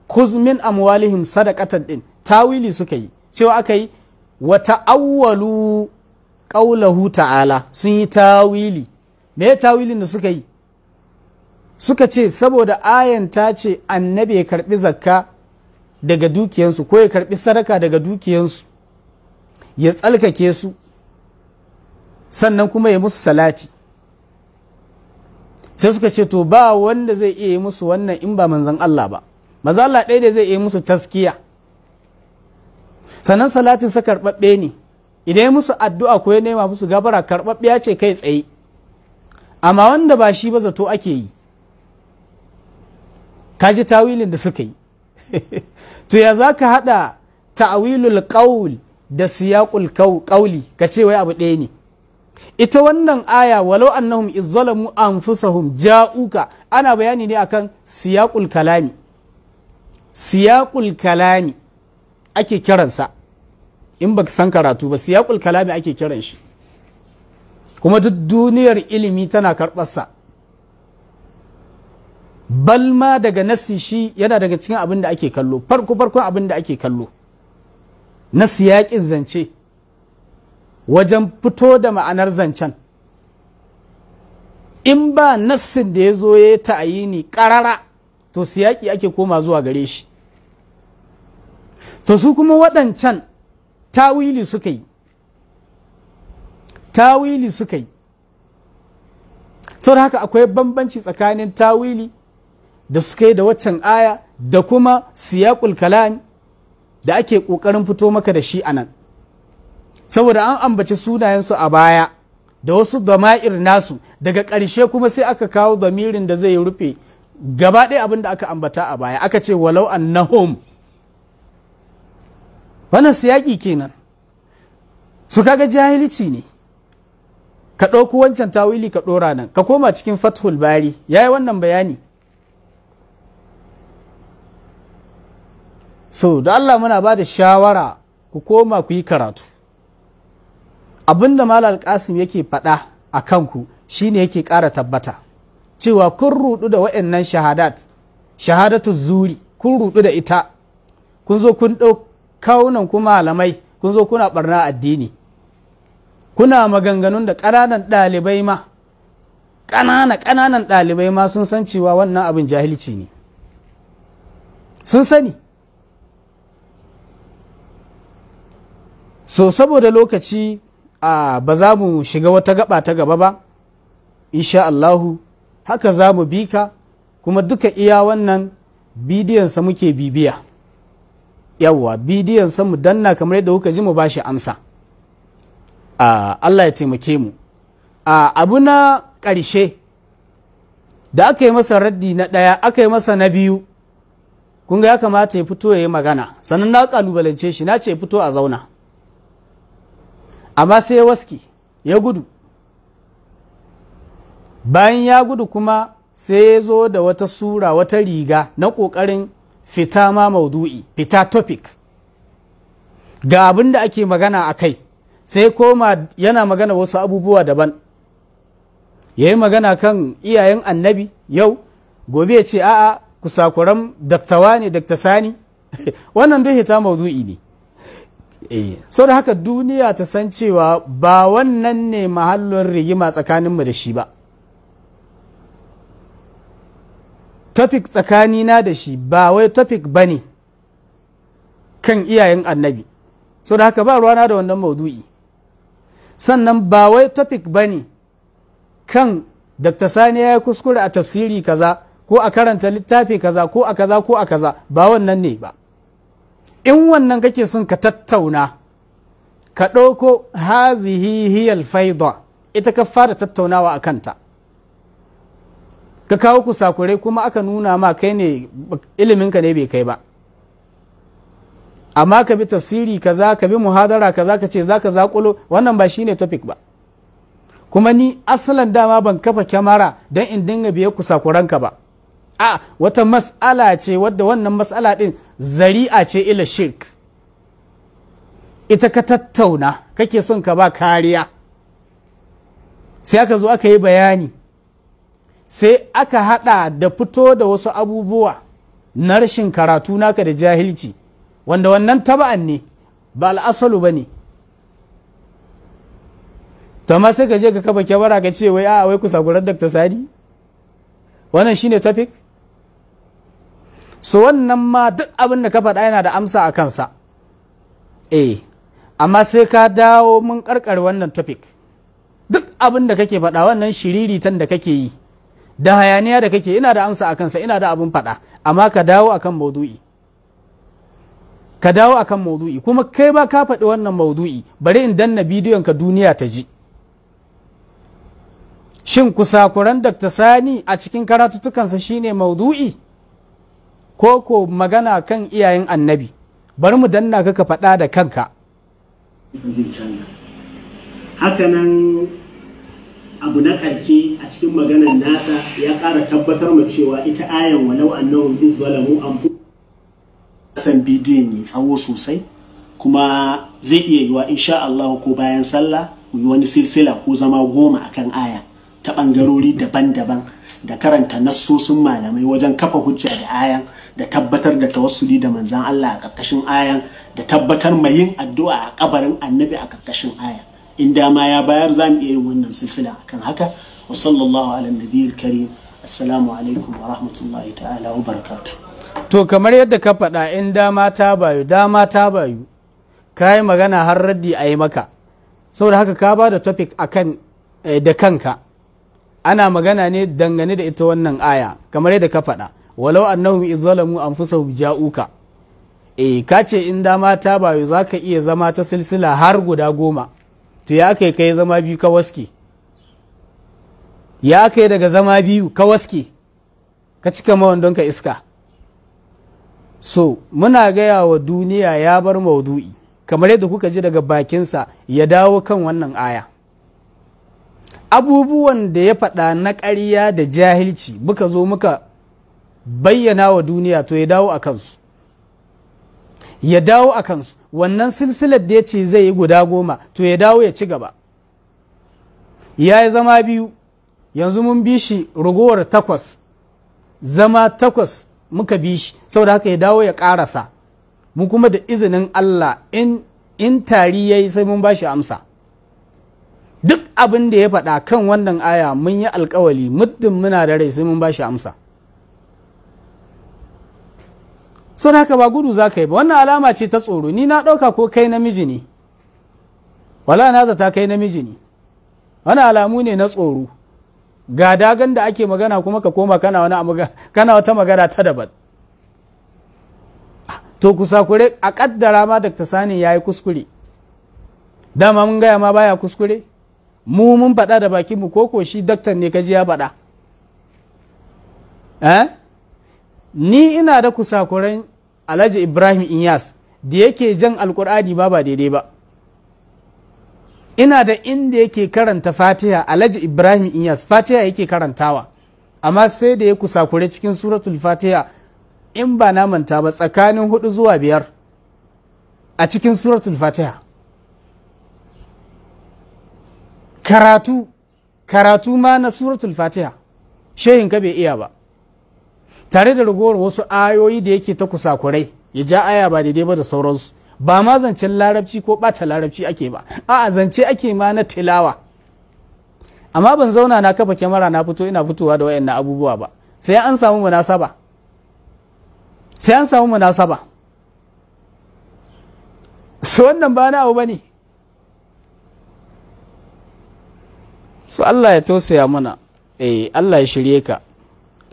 kuzmin amwalihim sadakatan ɗin tawili suka yi cewa aka yi wata awwalu ƙaulahu ta'ala sun yi tawili me ya tawilin da suka yi suka ce saboda ayan ta ce annabi ya karɓi zakka daga dukiyansu ko ya karɓi sadaka daga dukiyansu ya tsalkake su sannan kuma ya musu salati sai suka ce to ba wanda zai iya yi musu wannan in ba manzan Allah ba manzan Allah ɗaya da zai iya musu taskiya sannan salatin sa karɓaɓɓe ne idan musu addu'a ko ya nema musu gabara karɓaɓɓiya ce kai tsaye amma wanda ba shi ba zato ake yi ka ji tawilin da suka yi to ya za ka haɗa ta'wilul qawl da siyaqul qawli ka ce wai abu ɗaya ne ita wannan aya walau annahum izzalamu anfusahum ja'uka ana bayani ne akan siyaqul kalami siyaqul kalami ake kiransa in ba san karatu ba siyaqul kalami ake kiran shi kuma duk duniyar ilimi tana karɓarsa balma daga nassi shi yana daga cikin abin da ake kallo farko farkon abin da ake kallo na siyaƙin zance wajen fito da ma'anar zancen in ba nassin da ya zo ya ni ƙarara to siyaƙi ake koma zuwa gare shi to su kuma waɗancan tawili suka yi tawili suka yi saboda haka akwai bambanci tsakanin tawili da suka yi da waccan aya da kuma siyakul kalam da ake ƙoƙarin fito maka da shi a nan saboda an ambaci sunayensu a baya da wasu dama'ir nasu daga ƙarshe kuma sai aka kawo zamirin da zai rufe gaba ɗaya abin da aka ambata a baya aka ce walau annahum wannan siyaƙi kenan su kaga jahilci ne ka ɗauko wancan tawili ka ɗora nan ka koma cikin fathul bari ya yi wannan bayani so da Allah muna ba da shawara ku koma ku yi karatu abinda malal kasim yake faɗa a kanku shine yake ƙara tabbata cewa kun rudu da waɗannan shahadat shahadatu zuri kun rudu da ita kun zo kun ɗau kawunan ku malamai kun zo kuna barna addini kuna maganganun da ƙananan ɗalibai ma ƙanana ƙananan ɗalibai ma sun san cewa wannan abin jahilci ne sun sani so saboda lokaci a ba za mu shiga wata gaba ta gaba ba insha Allahu haka za mu bi ka kuma duka iya wannan sa muke bibiya yawwa bidiyon san mu danna kamar yadda kuka ji mu ba shi amsa Allah ya taimake mu abu na ƙarshe da aka yi masa raddi na ɗaya aka yi masa na biyu kun ga ya kamata ya fito ya yi magana sannan na ƙalubalance shi na ce fito a zauna amma sai ya waski ya gudu bayan ya gudu kuma sai ya zo da wata sura wata riga na ƙoƙarin fita ma maudu'i fita topic ga abin da ake magana a kai sai koma yana magana wasu abubuwa daban ya yi magana kan iyayen annabi yau gobe ya ce a'a kusakuran daktawa ne daktasani sani wannan duk hita maudu'i ne eh, so da haka duniya ta san cewa ba wannan ne mahallin rigima tsakaninmu da shi ba topic tsakanina da shi ba wai topic ba ne kan iyayen annabi so da haka ba ruwana da wannan maudu'i sannan ba wai topic ba ne kan dr sani ya yi kuskure a tafsiri kaza ko a karanta littafi kaza ko a kaza ko a kaza ba wannan ne ba in wannan kake son ka tattauna ka ɗauko hazihi hiyal faida ita ka fara tattaunawa a kanta ka kawo kusakurai kuma aka nuna ma kai ne iliminka ne bai kai ba amma ka bi tafsiri kaza ka bi muhadara kaza ka ce zaka zakulo wannan ba shine topic ba kuma ni asalan dama ban kafa kyamara don in dinga biye kusakuranka ba a wata mas'ala ce wadda wannan mas'ala din zari'a ce ila shirk ita ka tattauna kake son ka ba kariya sai aka zo aka yi bayani sai aka hada da fito da wasu abubuwa na rashin karatu naka da jahilci wanda wannan taba'an ne ba al'asalu ba ne to ma sai ka je ka kafa kyabara ka ce wai a wai ku sagurar dr sadi wannan shine topic so wannan ma duk abin da ka faɗa yana da amsa a kansa eh amma sai ka dawo mun karkar wannan topic duk abin da kake faɗa wannan tan da kake yi da hayaniya da kake ina da amsa a kansa ina da abin faɗa amma ka dawo akan maudu'i ka dawo akan maudu'i kuma kai ma ka faɗi wannan maudu'i bari in danna bidiyon ka duniya ta ji shin kusakuran dr sani a cikin karatutukansa shine maudu'i ko ko magana kan iyayen annabi bari mu danna ka ka faɗa da kanka nan abu na ƙarke a cikin maganar nasa ya ƙara tabbatar mu cewa ita ayan walau annahum iz zalamu an san bidiyon ne tsawo sosai kuma zai iya yiwa insha Allah ko bayan sallah yi wani silsila ko zama goma a kan aya ta bangarori daban-daban da karanta nassosin malamai wajen kafa hujja da ayan da tabbatar da tawassuli da manzan Allah a ƙarƙashin ayan da tabbatar mai yin addu'a a kabarin annabi a ƙarƙashin aya. in dama ya bayar za mu iya yin wannan silsila kan haka wa sallallahu ala nabiyil karim assalamu alaikum wa rahmatullahi ta'ala wa barakatu to kamar yadda ka faɗa in dama ta bayu dama ta bayu ka yi magana har raddi a yi maka saboda haka ka ba da topic akan eh, da kanka ana magana ne dangane da ita wannan aya kamar yadda ka faɗa walau annahum izzalamu anfusahum ja'uka e ka ce in dama ta bayu zaka iya zama ta silsila har guda goma to ya kai kai zama biyu ka waske ya kai daga zama biyu ka waske ka cika mawandon ka iska so muna gaya wa duniya ya bar maudu'i kamar yadda kuka ji daga bakinsa ya dawo kan wannan aya abubuwan da ya faɗa na ƙarya da jahilci muka zo muka bayyana wa duniya to ya dawo a kansu ya dawo a kansu wannan silsilar da ya ce zai yi guda goma to ya dawo ya ci gaba ya yi zama biyu yanzu mun bi shi ragowar takwas zama takwas muka bi shi saboda haka ya dawo ya karasa mu kuma da izinin Allah in in tari ya yi sai mun ba shi amsa duk abin da ya faɗa kan wannan aya mun yi alkawali muddin muna da rai sai mun ba shi amsa son haka ba gudu za ka yi ba wannan alama ce ta tsoro ni na ɗauka ko kai namiji ne wala na zata kai namiji ne wani alamu ne na tsoro ga dagan da ake magana kuma ka koma kana wani kana wata magana ta daban to kure a kaddara ma Dr. Sani ya yi kuskure dama mun gaya ma baya kuskure mu mun faɗa da bakinmu ko ko shi daktar ne ka ji ya faɗa eh ni ina da kusakuran alhaji ibrahim inyas da yake jan alkur'ani ba ba daidai ba ina da inda yake karanta fatiha alhaji ibrahim inyas fatiha yake karantawa amma sai da ya kusakure cikin suratul fatiha in ba na manta ba tsakanin hudu zuwa biyar a cikin suratul fatiha karatu karatu ma na suratul fatiha shehin ka bai iya ba tare da ragowar wasu ayoyi da yake ta kusakurai ya ja aya ba daidai ba da sauransu ba ma zancen larabci ko ɓata larabci ake ba a'a zance ake ma na tilawa amma ban zauna na kafa kyamara na fito ina fitowa da wayannan abubuwa ba sai an samu munasaba sai an samu munasaba su wannan ba na abu ba ne su Allah ya tausaya mana eh Allah ya shirye ka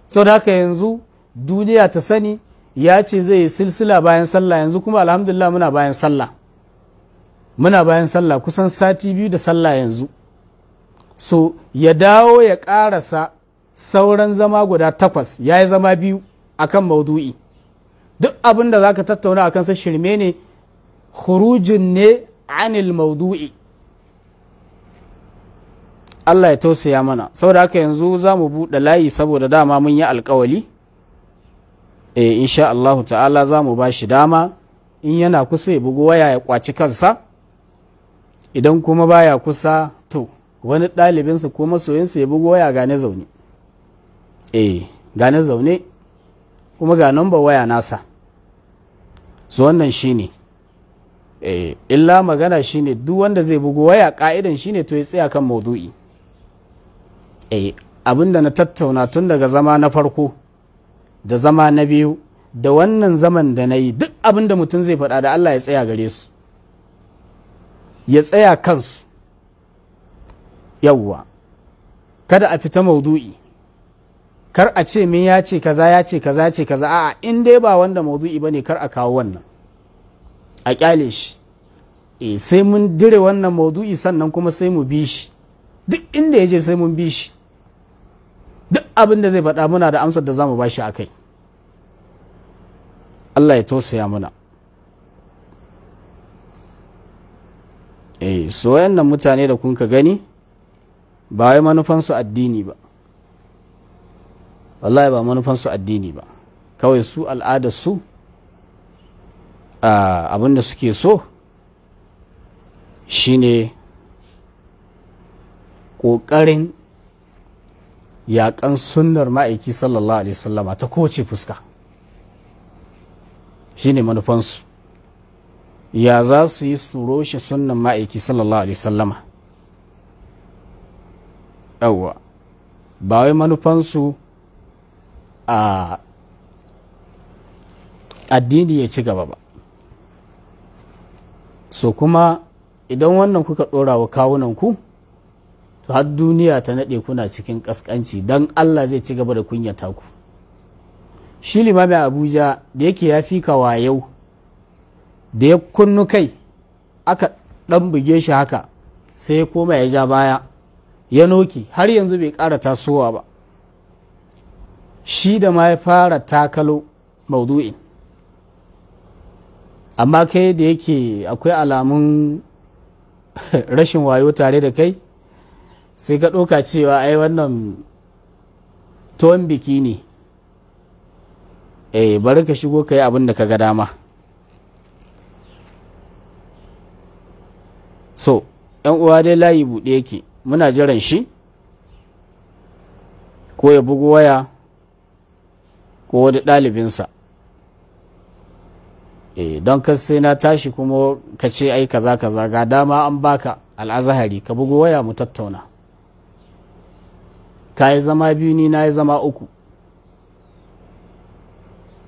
sau da haka yanzu duniya ta sani ya ce zai yi silsila bayan sallah yanzu kuma alhamdulillah muna bayan sallah muna bayan sallah kusan sati biyu da sallah yanzu so ya dawo ya karasa sauran zama guda takwas ya yi zama biyu akan maudu'i duk abin da za ka tattauna akan sa shirme ne khurujin ne anil maudu'i Allah ya tausaya mana saboda haka yanzu za mu buɗe layi saboda dama mun yi alkawali eh insha Allahu ta'ala za mu ba shi dama in yana kusa ya bugu waya ya kwaci kansa idan kuma baya kusa to wani ɗalibinsa ko masoyinsa ya bugu waya gane zaune eh gane zaune kuma ga namba waya nasa su wannan shine eh illa magana shine duk wanda zai bugu waya ka'idan shine to ya tsaya kan maudu'i eh abinda na tattauna tun daga zama na farko da zama na biyu da wannan zaman da na yi duk abin da mutum zai faɗa da Allah ya tsaya gare su ya tsaya kansu yawwa kada a fita maudu'i kar a ce min ya ce kaza ya ce kaza ce kaza a'a in dai ba wanda maudu'i bane kar a kawo wannan a kyale shi e sai mun dire wannan maudu'i sannan kuma sai mu bi shi duk inda ya je sai mun bi shi duk abin da zai faɗa muna da amsar da za mu bashi a kai allah ya tausaya muna eh soyan nan mutane da kun ka gani ba wai manufansu addini ba wallahi ba manufansu addini ba kawai su su abin da suke so shine ƙoƙarin yaƙan sunnar ma'aiki sallallahu alaihi sallama ta kowace fuska shi ne manufansu ya za su yi su roshe sunnan ma'aiki sallallahu alaihi sallama yawwa ba wai manufansu a addini ya ci gaba ba so kuma idan wannan kuka ɗora wa kawunanku to har duniya ta naɗe kuna cikin ƙasƙanci don allah zai ci gaba da kunyata ku shi limamin abuja da yake ya fi yau da ya kunnu kai aka ɗan buge shi haka sai ya koma ya ja baya ya noki har yanzu bai ƙara tasowa ba shi da ma ya fara takalo maudu'in amma kai da yake akwai alamun rashin wayo tare da kai sai ka ɗoka cewa ai wannan tuwon biki ne eh bari ka shigo ka yi abin da ka ga dama so yan uwa dai layi buɗe yake muna jiran shi ko ya bugu waya ko wani ɗalibinsa e, don ka sai na tashi kuma ka ce ai kaza kaza ga dama an baka al'azahari ka bugu waya mu tattauna ka yi zama biyu ni na yi zama uku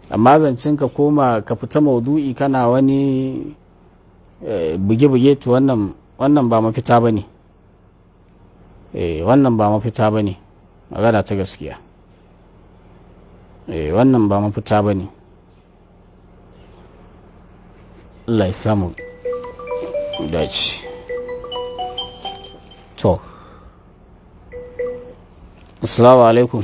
amma zancen ka koma ka fita maudu'i kana wani eh, buge-buge to wannan ba mafita ba ne eh, wannan ba mafita ba ne magana ta gaskiya eh, wannan ba mafita ba ne Allah ya samu dace Assalamu alaikum.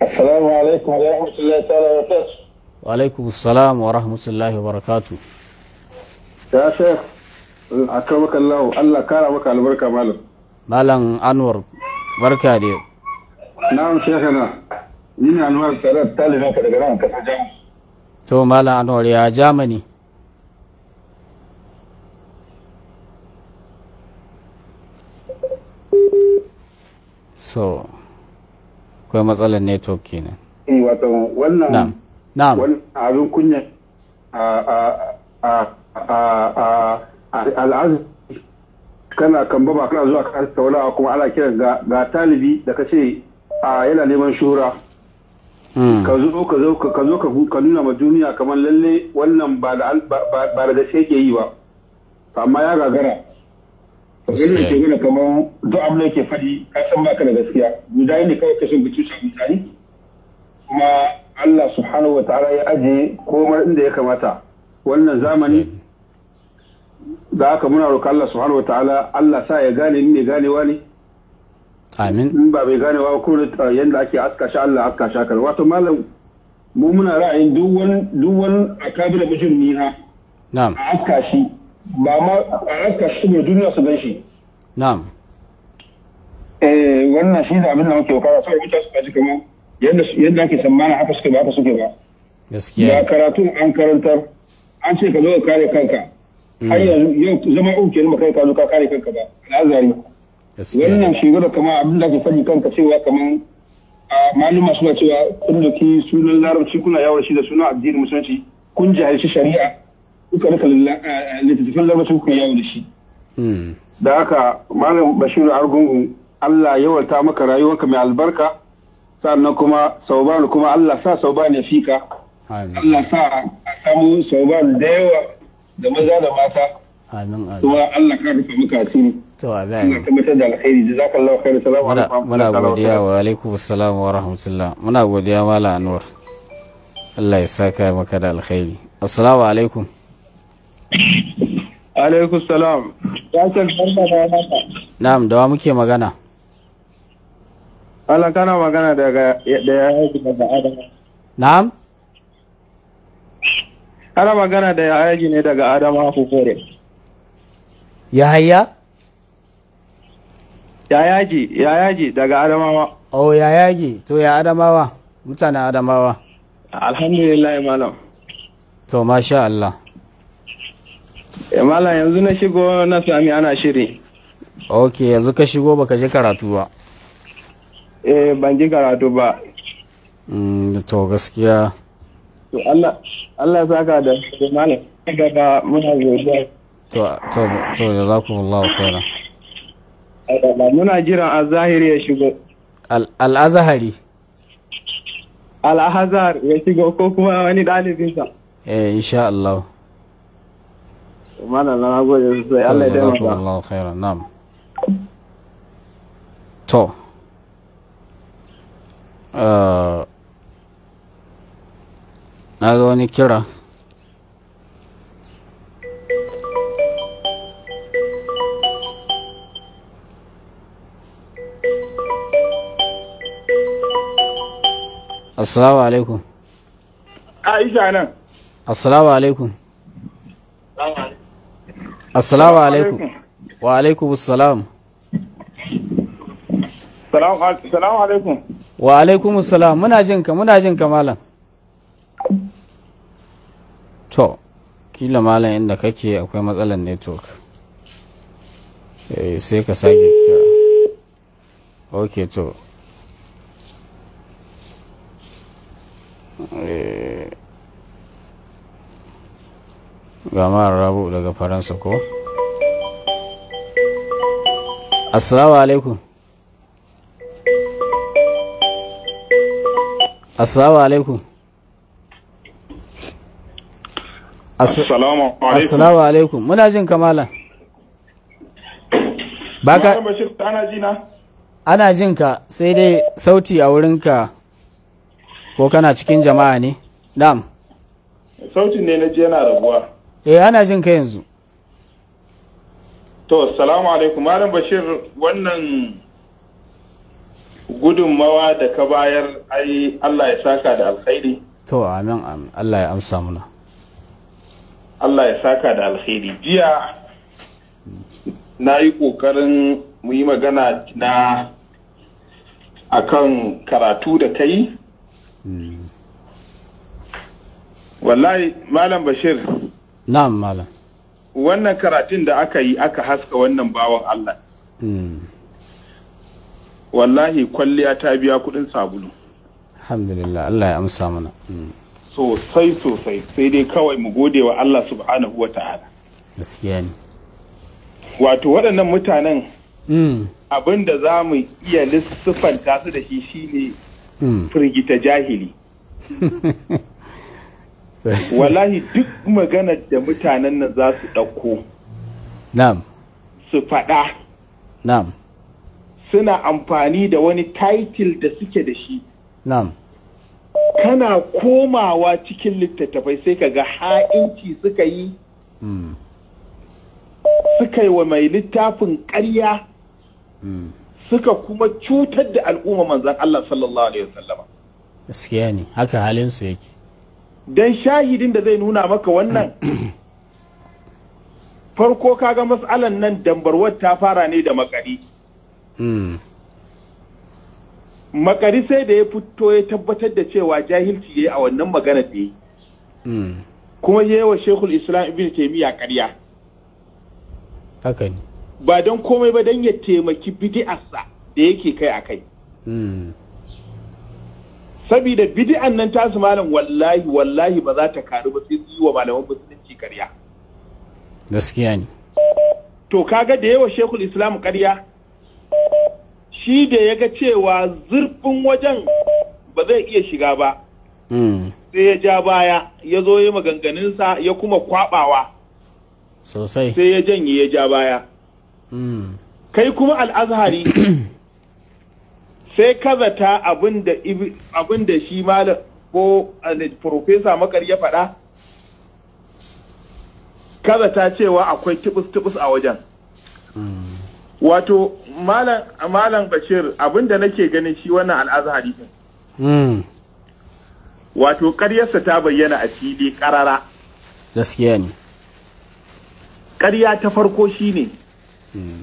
Assalamu alaikum wa rahmatullahi ta'ala wa barakatuh. Wa alaikum assalam wa rahmatullahi wa barakatuh. Ya Sheikh, akramaka Allah, Allah kara maka albarka malam. Malam Anwar, barka da yau. Na'am Sheikhana. Ni ne Anwar Sadat talibin ka daga nan kasar Jamus. To malam Anwar ya Germany. so akwai matsalar network kenan eh, wato wannan na'am abin kunya a al'adu kana kan ba kana zuwa ka taulawa kuma ana kiran ga talibi da ka ce yana neman shura hmm. ka zo ka zo ka zo ka nuna ma duniya kamar lalle wannan ba da da ke yi ba amma ya gagara Wannan ke gina kamar duk abin da faɗi ka san baka da gaskiya. Guda ne kawai kashin mutane. Kuma Allah subhanahu wa ta'ala ya aje inda ya kamata. Wannan zamani da haka muna roƙa Allah subhanahu wa ta'ala Allah sa ya gane ni ne ganewa ne. Amin. In ba bai ko ake aska shi Allah aska shi Wato malam mu muna ra'ayin duk wani akabira ha. Na'am. aska shi. ba ma a ranka su ne duniya su gan shi na'am eh wannan shi ne abin da muke kara sai mutane su kaji kamar yadda yadda ake tsammana haka suke ba haka suke ba gaskiya karatu an karantar an ce ka zo ka kare kanka hmm. har yanzu yau zama uku kenan kai ka zo ka kare kanka ba Gaskiya. wannan shigura kamar abin da ake sani kanka cewa kamar a maluma suna cewa kun da ki sunan larabci kuna yawon shi da sunan addini musulunci kun jahilci shari'a suka rika eh, eh, littattafan larabci kuka yawo da shi hmm. da haka malam bashir argungu Allah yawata maka rayuwarka mai albarka sannan kuma sauban kuma Allah sa ba ne fika Allah sa a samu sauban da yawa da maza da mata kuma Allah ka rufe muka asiri Allah tabbatar da alkhairi jazakallahu khairan salamu alaikum muna godiya wa alaikum assalam wa rahmatullah muna godiya mala anwar Allah ya saka maka da alkhairi assalamu alaikum alaikum salam ya ce barka da haka na'am da wa muke magana Allah kana magana daga da ya yi daga Na na'am Kana magana da ya yi ne daga Adama kore? ya haya ya yaji ya yaji daga Adamawa oh ya yaji to ya Adamawa mutanen Adamawa alhamdulillah malam to masha Allah Eh, Mala yanzu na shigo na sami ana shiri. Ok yanzu ka shigo baka je karatu ba. Eh ban je karatu ba. Mm, to gaskiya. To Allah Allah saka da malam daga muna godiya. To to to jazakumullahu khairan. Muna jiran azahiri ya shigo. Al'azahari. azahari ya shigo ko kuma wani ɗalibinsa. Eh insha Allah. to uh, wani kira assalamu alaikum aisha nan assalamu alaikum assalamu alaikum wa alaikum assalam salamu alaikum wa alaikum assalam muna jin ka muna jin ka malam to kila malam inda kake akwai matsalar network eh, sai ka sake kira ok to eh ga rabu daga faransa ko assalamu alaikum assalamu alaikum assalamu alaikum muna jin kamala baka ana jin ka sai dai sauti a wurinka ko kana cikin jama'a ne na'am sautin ne na je yana rabuwa eh ana jin ka yanzu to salamu alaikum malam bashir wannan gudunmawa da ka bayar ai Allah ya saka da alkhairi to amin amin Allah ya amsa muna Allah ya saka da alkhairi jiya na yi ƙoƙarin mu yi magana na akan karatu da kai hmm. wallahi malam bashir na'am malam wannan karatun da aka yi aka haska wannan bawan Allah hmm. wallahi kwalliya ta biya kudin sabulu alhamdulillah Allah ya amsa mana hmm. sosai sosai sai dai kawai mu gode wa Allah subhanahu wa ta'ala gaskiya ne wato waɗannan mutanen hmm. abin da za mu iya lissufanta su da shi shine firgita jahili wallahi duk maganar da mutanen nan za su ɗauko na'am su faɗa na'am suna amfani da wani title da suke da shi na'am kana komawa cikin littattafai sai ka ga ha'inci suka yi hmm. suka yi wa mai littafin ƙarya hmm. suka kuma cutar da al'umma manzan Allah sallallahu alaihi wasallama gaskiya ne haka halinsu yake don shahidin da zai nuna maka wannan farko kaga matsalan nan dambarwar ta fara ne da makari hmm. makari sai da ya fito ya tabbatar da cewa jahilci ya yi a wannan magana da yi hmm. kuma ya yi wa shekul islam ibn taimiyya karya ba don komai ba don ya taimaki bidi'arsa da yake kai a kai hmm. saboda bid'an nan tasu malam wallahi wallahi ba za ta karu ba sai su yi wa malaman musulunci karya gaskiya ne to kaga da yawa shekul islam karya shi da ya ga cewa zurfin wajen ba zai iya shiga ba hmm. sai ya ja baya ya zo ya maganganunsa ya kuma kwabawa sosai sai ya janye ya ja baya hmm. kai kuma al'azhari sai ka zata abin da shi malam ko eh, profesa makar ya faɗa kaza ta cewa akwai tubus-tubus a wajen hmm. wato malam bashir abin da nake ganin shi wannan al'azhari din hmm. wato karyarsa ta bayyana a fili karara gaskiya ne karya ta farko shi ne. Hmm.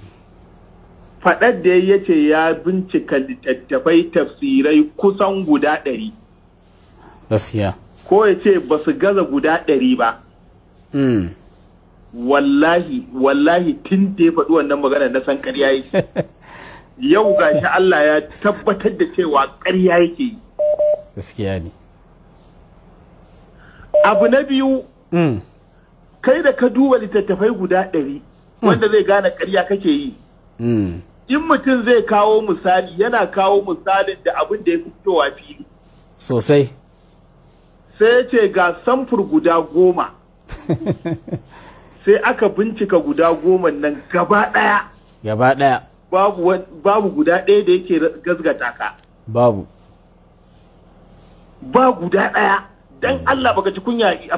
faɗar da ya ce ya bincika littattafai tafsirai kusan guda ɗari. Gaskiya. Ko ya ce ba su gaza guda ɗari ba. Hmm. Wallahi, wallahi tun da ya faɗi wannan magana na san ƙarya yake. Yau ga shi Allah ya tabbatar da cewa ƙarya yake yi. Gaskiya ne. Abu na biyu, hmm. kai da ka duba littattafai guda ɗari, wanda hmm. zai gane ƙarya kake yi. in mutum zai kawo misali yana kawo misalin da abin da ya fitowa fili sosai sai ya ce ga samfur guda goma sai aka bincika guda goma nan gaba ɗaya gaba ɗaya babu guda ɗaya da yake gazgata ka babu ba guda ɗaya dan mm. Allah baka ci kunya a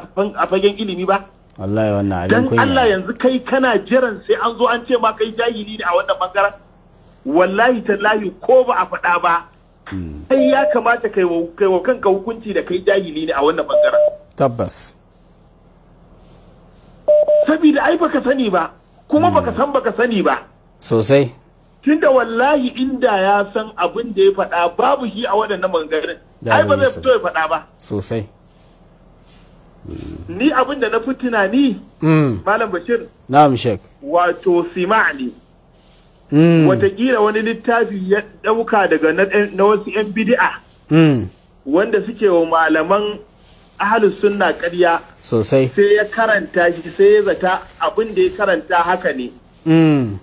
fagen ilimi ba ya wannan abin kunya dan Allah yanzu kai kana jiran sai an zo an ce ma kai jahili ne a wannan bangaren wallahi tallahi ko ba a faɗa ba hmm. sai ya kamata kai wa kanka hukunci da kai jahili ne a wannan bangaren tabbas saboda ai baka sani ba kuma hmm. baka san baka sani ba sosai tunda wallahi inda ya san abin da ya faɗa babu shi a waɗannan bangaren ai ba zai fito ya faɗa ba sosai ni abin da na fi tunani hmm. malam bashir na'am shek wato sima'a ne Mm. watakila wani littafi ya ɗauka daga na wasu 'yan bidi'a mm. wanda suke wa malaman ahalus sunna karya sosai sai ya karanta shi sai ya zata abin da ya karanta haka ne mm.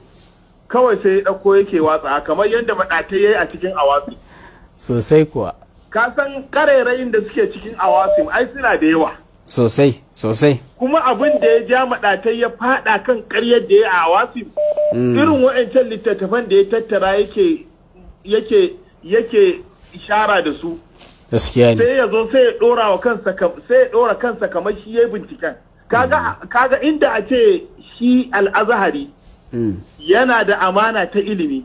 kawai sai ya ɗauko yake watsa kamar yadda maɗatai ya yi a cikin awasi sosai kuwa ka san ƙarairayin da suke cikin awasi ai suna da yawa sosai sosai kuma abin da ya ja maɗatai ya faɗa kan karyar da ya a wasu mm. irin wa'ancan littattafan da ya tattara yake yake yake ishara da su gaskiya ne sai ya zo sai ya ɗora wa kansa sai ya kamar shi ya binciken kaga mm. kaga inda a ce shi al'azahari mm. yana da amana ta ilimi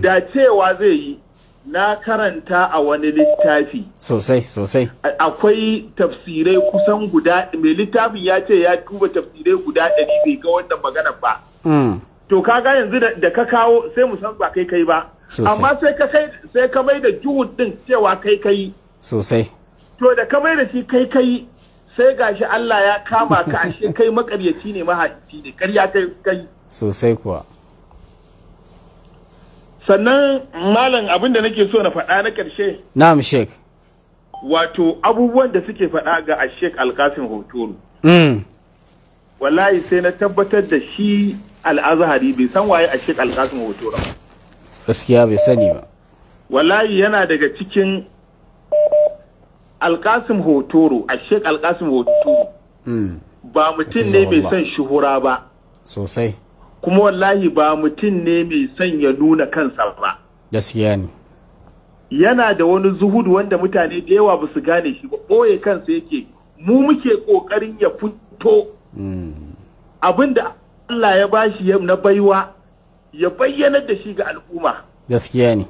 da cewa zai yi na karanta a wani littafi. Sosai, sosai. Akwai tafsirai kusan guda, mai littafin ya ce ya tuba tafsirai guda ɗari bai ga wannan magana ba. Hmm. To ka ga yanzu da ka kawo sai mu san ba kai kai ba. Amma sai ka kai sai ka mai da juhud din cewa kai kai. Sosai. To da ka mai da shi kai kai sai gashi Allah ya kama ka ashe kai makaryaci ne mahaifi ne karya kai kai. Sosai kuwa. sannan malam abin da nake so na faɗa na ƙarshe na'am sheikh. wato abubuwan da suke faɗa ga sheikh alkasin hotoro mm. wallahi sai na tabbatar da shi al'azahari bai san waye a sheikh alkasin hotoro gaskiya bai sani ba wallahi yana daga cikin alkasim hotoro ashek alkasim hotoro mm. ba mutum ne mai son shuhura ba sosai kuma wallahi ba mutum ne mai son ya nuna kansa ba gaskiya ne yana da wani zuhudu wanda mutane da yawa ba su gane shi ba ɓoye kansa yake mu muke ƙoƙarin ya fito hmm. abin da Allah ya bashi na baiwa ya bayyana da shi ga al'umma gaskiya ne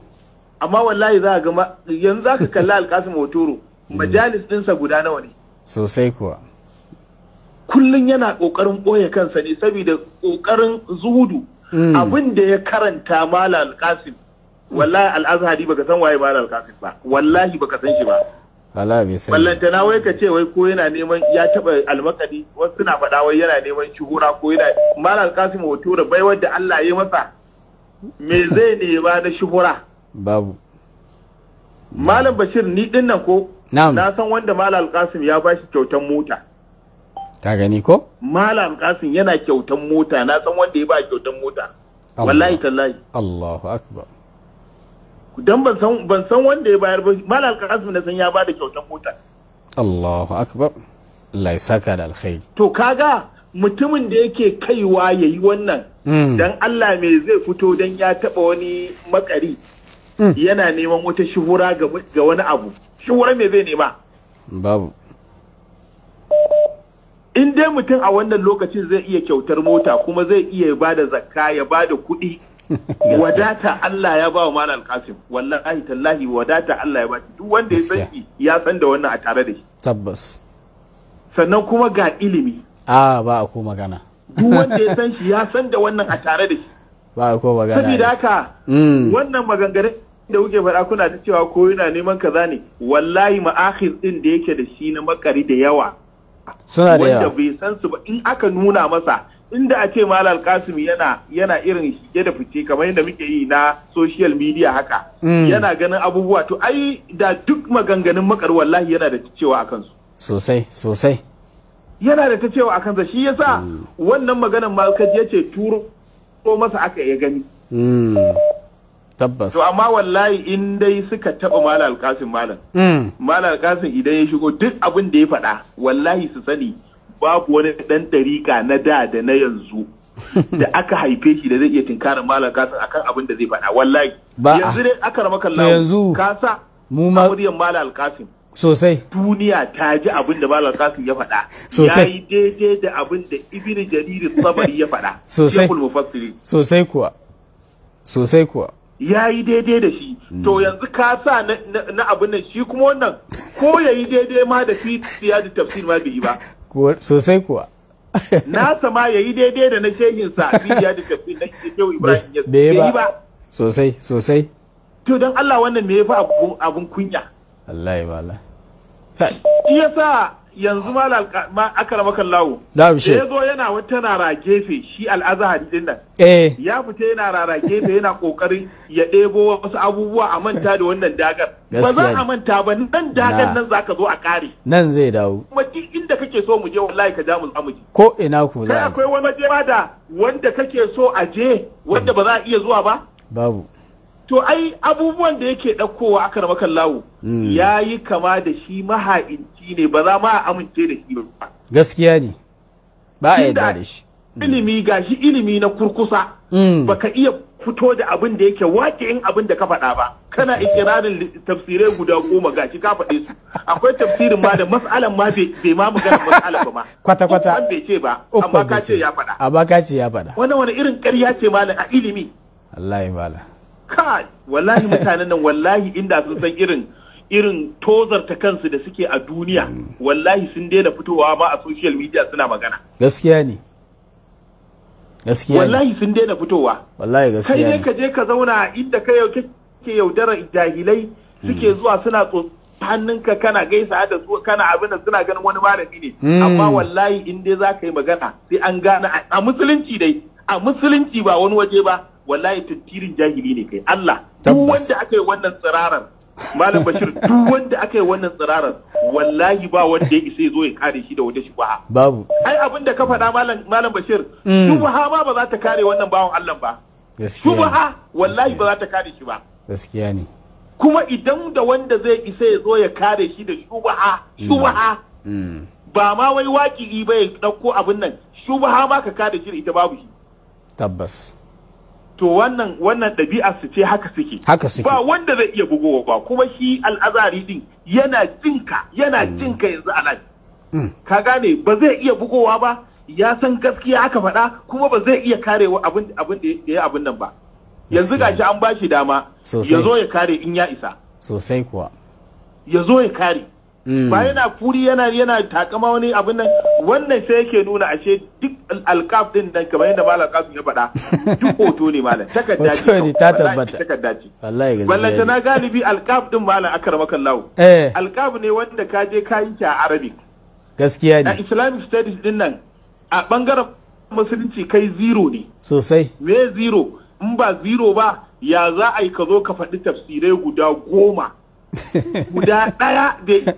amma wallahi za ga yanzu za ka kalli alkasim hotoro hmm. majalis ɗinsa guda nawa ne sosai kuwa kullum yana ƙoƙarin ɓoye kansa ne saboda ƙoƙarin zuhudu mm. abin da ya karanta mala alƙasim. wallahi al'azhari baka san waye mala alƙasim ba wallahi baka san shi ba wala bai wai ka ce wai ko yana neman ya taba almakadi wasu suna faɗa wai yana neman shuhura ko yana mala alƙasim hoto da bai da Allah ya masa me zai nema na shuhura babu malam bashir ni dinnan ko na san wanda mala alƙasim ya bashi kyautan mota ta gani ko malam kasim yana kyautan mota na san wanda ya ba kyautan mota wallahi tallahi Allahu akbar dan ban san ban san wanda ya bayar ba malam kasim na san ya ba da kyautan mota Allahu akbar lai saka da alkhairi to kaga mutumin da yake kaiwa yayi wannan hmm. dan Allah me zai fito dan ya taba wani makari hmm. yana neman wata shuhura ga wani abu shuhura me zai nema babu in dai mutum a wannan lokacin zai iya kyautar mota kuma zai iya ba da zakka ya ba da kuɗi wadata Allah ya ba wa mal Wannan wallahi tallahi wadata Allah ya ba duk wanda ya san ya san da wannan a tare da shi tabbas sannan kuma ga ilimi a ba a ko magana duk wanda ya san shi ya san da wannan a tare da shi ba a ko magana saboda haka mm. wannan maganganu da kuke faɗa kuna ta cewa ko yana neman kaza ne wallahi ma'akhir din da yake da shi na makari da yawa suna da yawa wanda bai san su ba in aka nuna masa inda a ce malal kasim yana yana irin shige da fice kamar yadda muke yi na social media haka mm. yana ganin abubuwa to ai da duk maganganun makar wallahi yana da cewa a kansu sosai sosai yana da ta cewa a kansa shi yasa mm. wannan maganan ma ya ce turo masa aka ya gani mm. tabbas to amma wallahi in dai suka taba malam alkasin malam hmm. malam alkasin idan ya shigo duk abin da ya faɗa wallahi su sani babu wani dan dariƙa na da da na yanzu da aka haife shi da zai iya tinkarin malam alkasin akan abin da zai faɗa wallahi yanzu dai aka rama kallawa yanzu kasa mu ma muryan malam alkasin sosai duniya ta ji abin da malam alkasin ya faɗa sosai yayi daidai da abin da ibnu jarir sabari ya faɗa sosai sosai kuwa sosai kuwa ya yi daidai da shi to hmm. yanzu ka sa na abin nan shi kuma wannan ko ya yi daidai ma da fi da tafsir ma bai yi ba sosai kuwa na sama ya yi daidai da na sa fi da tafsir na shehu ibrahim ya yi ba sosai sosai to don allah wannan me ya fi abun kunya allah ya bala shi yasa yanzu ma kan lawo da ya zo yana wata rara gefe shi al'azahari din nan eh. ya fita yana rara gefe yana kokari ya ɗebo wasu abubuwa a manta da wannan dagar ba za a manta ba nan dagar nan za ka zo a kare nan zai dawo kuma duk inda kake so mu je wallahi ka ja mu zamu je ko ina ku za a akwai wani waje da wanda kake so a je wanda ba za a iya zuwa ba babu to ai abubuwan da yake ɗaukowa aka rama lawo hmm. ya yi kama da shi maha'inci ne ba za ma amince da shi ba gaskiya ne ba a yarda da shi ilimi hmm. ga shi ilimi na kurkusa hmm. baka iya fito da abin da yake waƙi'in abin da ka faɗa ba kana ikirarin tafsirai guda goma ga shi ka faɗe su akwai tafsirin ma da mas'alan ma bai ma magana mas'ala ba ma kwata kwata an bai ce ba amma ka ce ya faɗa amma ka ce ya faɗa wani irin ƙarya ce malam a ilimi ya bala. kai wallahi mutanen nan wallahi inda sun san irin irin tozarta kansu da suke a duniya wallahi sun daina fitowa ma a social media suna magana gaskiya ne gaskiya wallahi sun daina fitowa wallahi gaskiya kai ne ka je ka zauna inda ka yau kake yaudara jahilai suke hmm. zuwa suna hannunka kana gaisa da su kana abin da suna ganin wani malami ne hmm. amma wallahi in dai za ka yi magana sai an gane a musulunci dai a musulunci ba wani waje ba wallahi tattirin jahili ne kai Allah duk wanda aka yi wannan tsirarar Malam Bashir duk wanda aka yi wannan tsirarar wallahi ba wanda ya isa ya zo ya kare shi da wata shubaha. Babu. Ai abin da ka faɗa Malam Bashir mm. shubaha ma ba za ta kare wannan bawan Allah ba. Shubaha wallahi ba za ta kare shi ba. Gaskiya ne. Kuma idan da wanda zai isa ya zo ya kare shi da shubaha mm. shubaha. Mm. Ba ma wai waƙi ba ya dauko abin nan shubaha ma ka kare shi da ita babu shi. Tabbas. to wannan wannan ɗabi'a su ce haka suke haka suke ba wanda zai iya bugowa ba kuma shi al'azari din yana jinka yana hmm. jinka yanzu a hmm. ka gane ba zai iya bugowa ba ya san gaskiya aka faɗa kuma ba zai iya karewa abin abin da ya abin nan ba yanzu gashi an bashi dama ya zo ya kare in ya isa sosai kuwa ya zo ya kare Mm. ba yana kuri yana yana takama wani abin nan wannan sai yake nuna ashe duk alkaf din nan kamar yadda malam kasu ya faɗa duk hoto ne malam takarda ce ta tabbata takarda ce wallahi gaskiya wallahi na galibi alkaf din malam akar makallahu eh alkaf ne wanda ka je ka yi a arabic gaskiya ne a islamic studies din nan a bangaren musulunci kai zero ne sosai me zero in ba zero ba ya za a yi ka zo ka faɗi tafsirai guda goma guda ɗaya da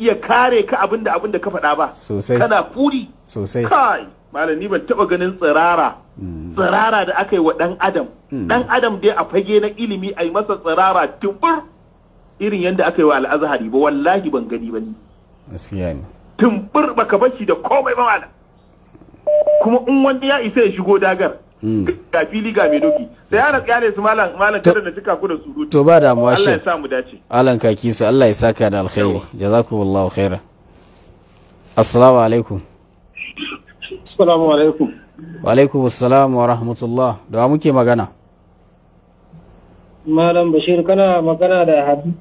iya kare ka abin da abin da ka faɗa ba sosai kana kuri. sosai kai malam ni ban taɓa ganin tsirara mm. tsirara da aka yi wa ɗan adam mm. ɗan adam dai a fage na ilimi a yi masa tsirara tumbur irin yadda aka yi wa al'azahari ba wallahi ban gani ba ni gaskiya ne tumbur baka bashi da komai ba malam kuma in wanda ya isa ya shigo dagar Hmm. ga fili ga mai doki da yana kyale su malam kada na cika ku su surutu to ba damuwa shi Allah ya sa mu dace Allah kaki su Allah ya saka da alkhairi jazakumullahu khairan assalamu alaikum assalamu alaikum wa alaikum assalam wa rahmatullah da muke magana malam bashir kana magana da habib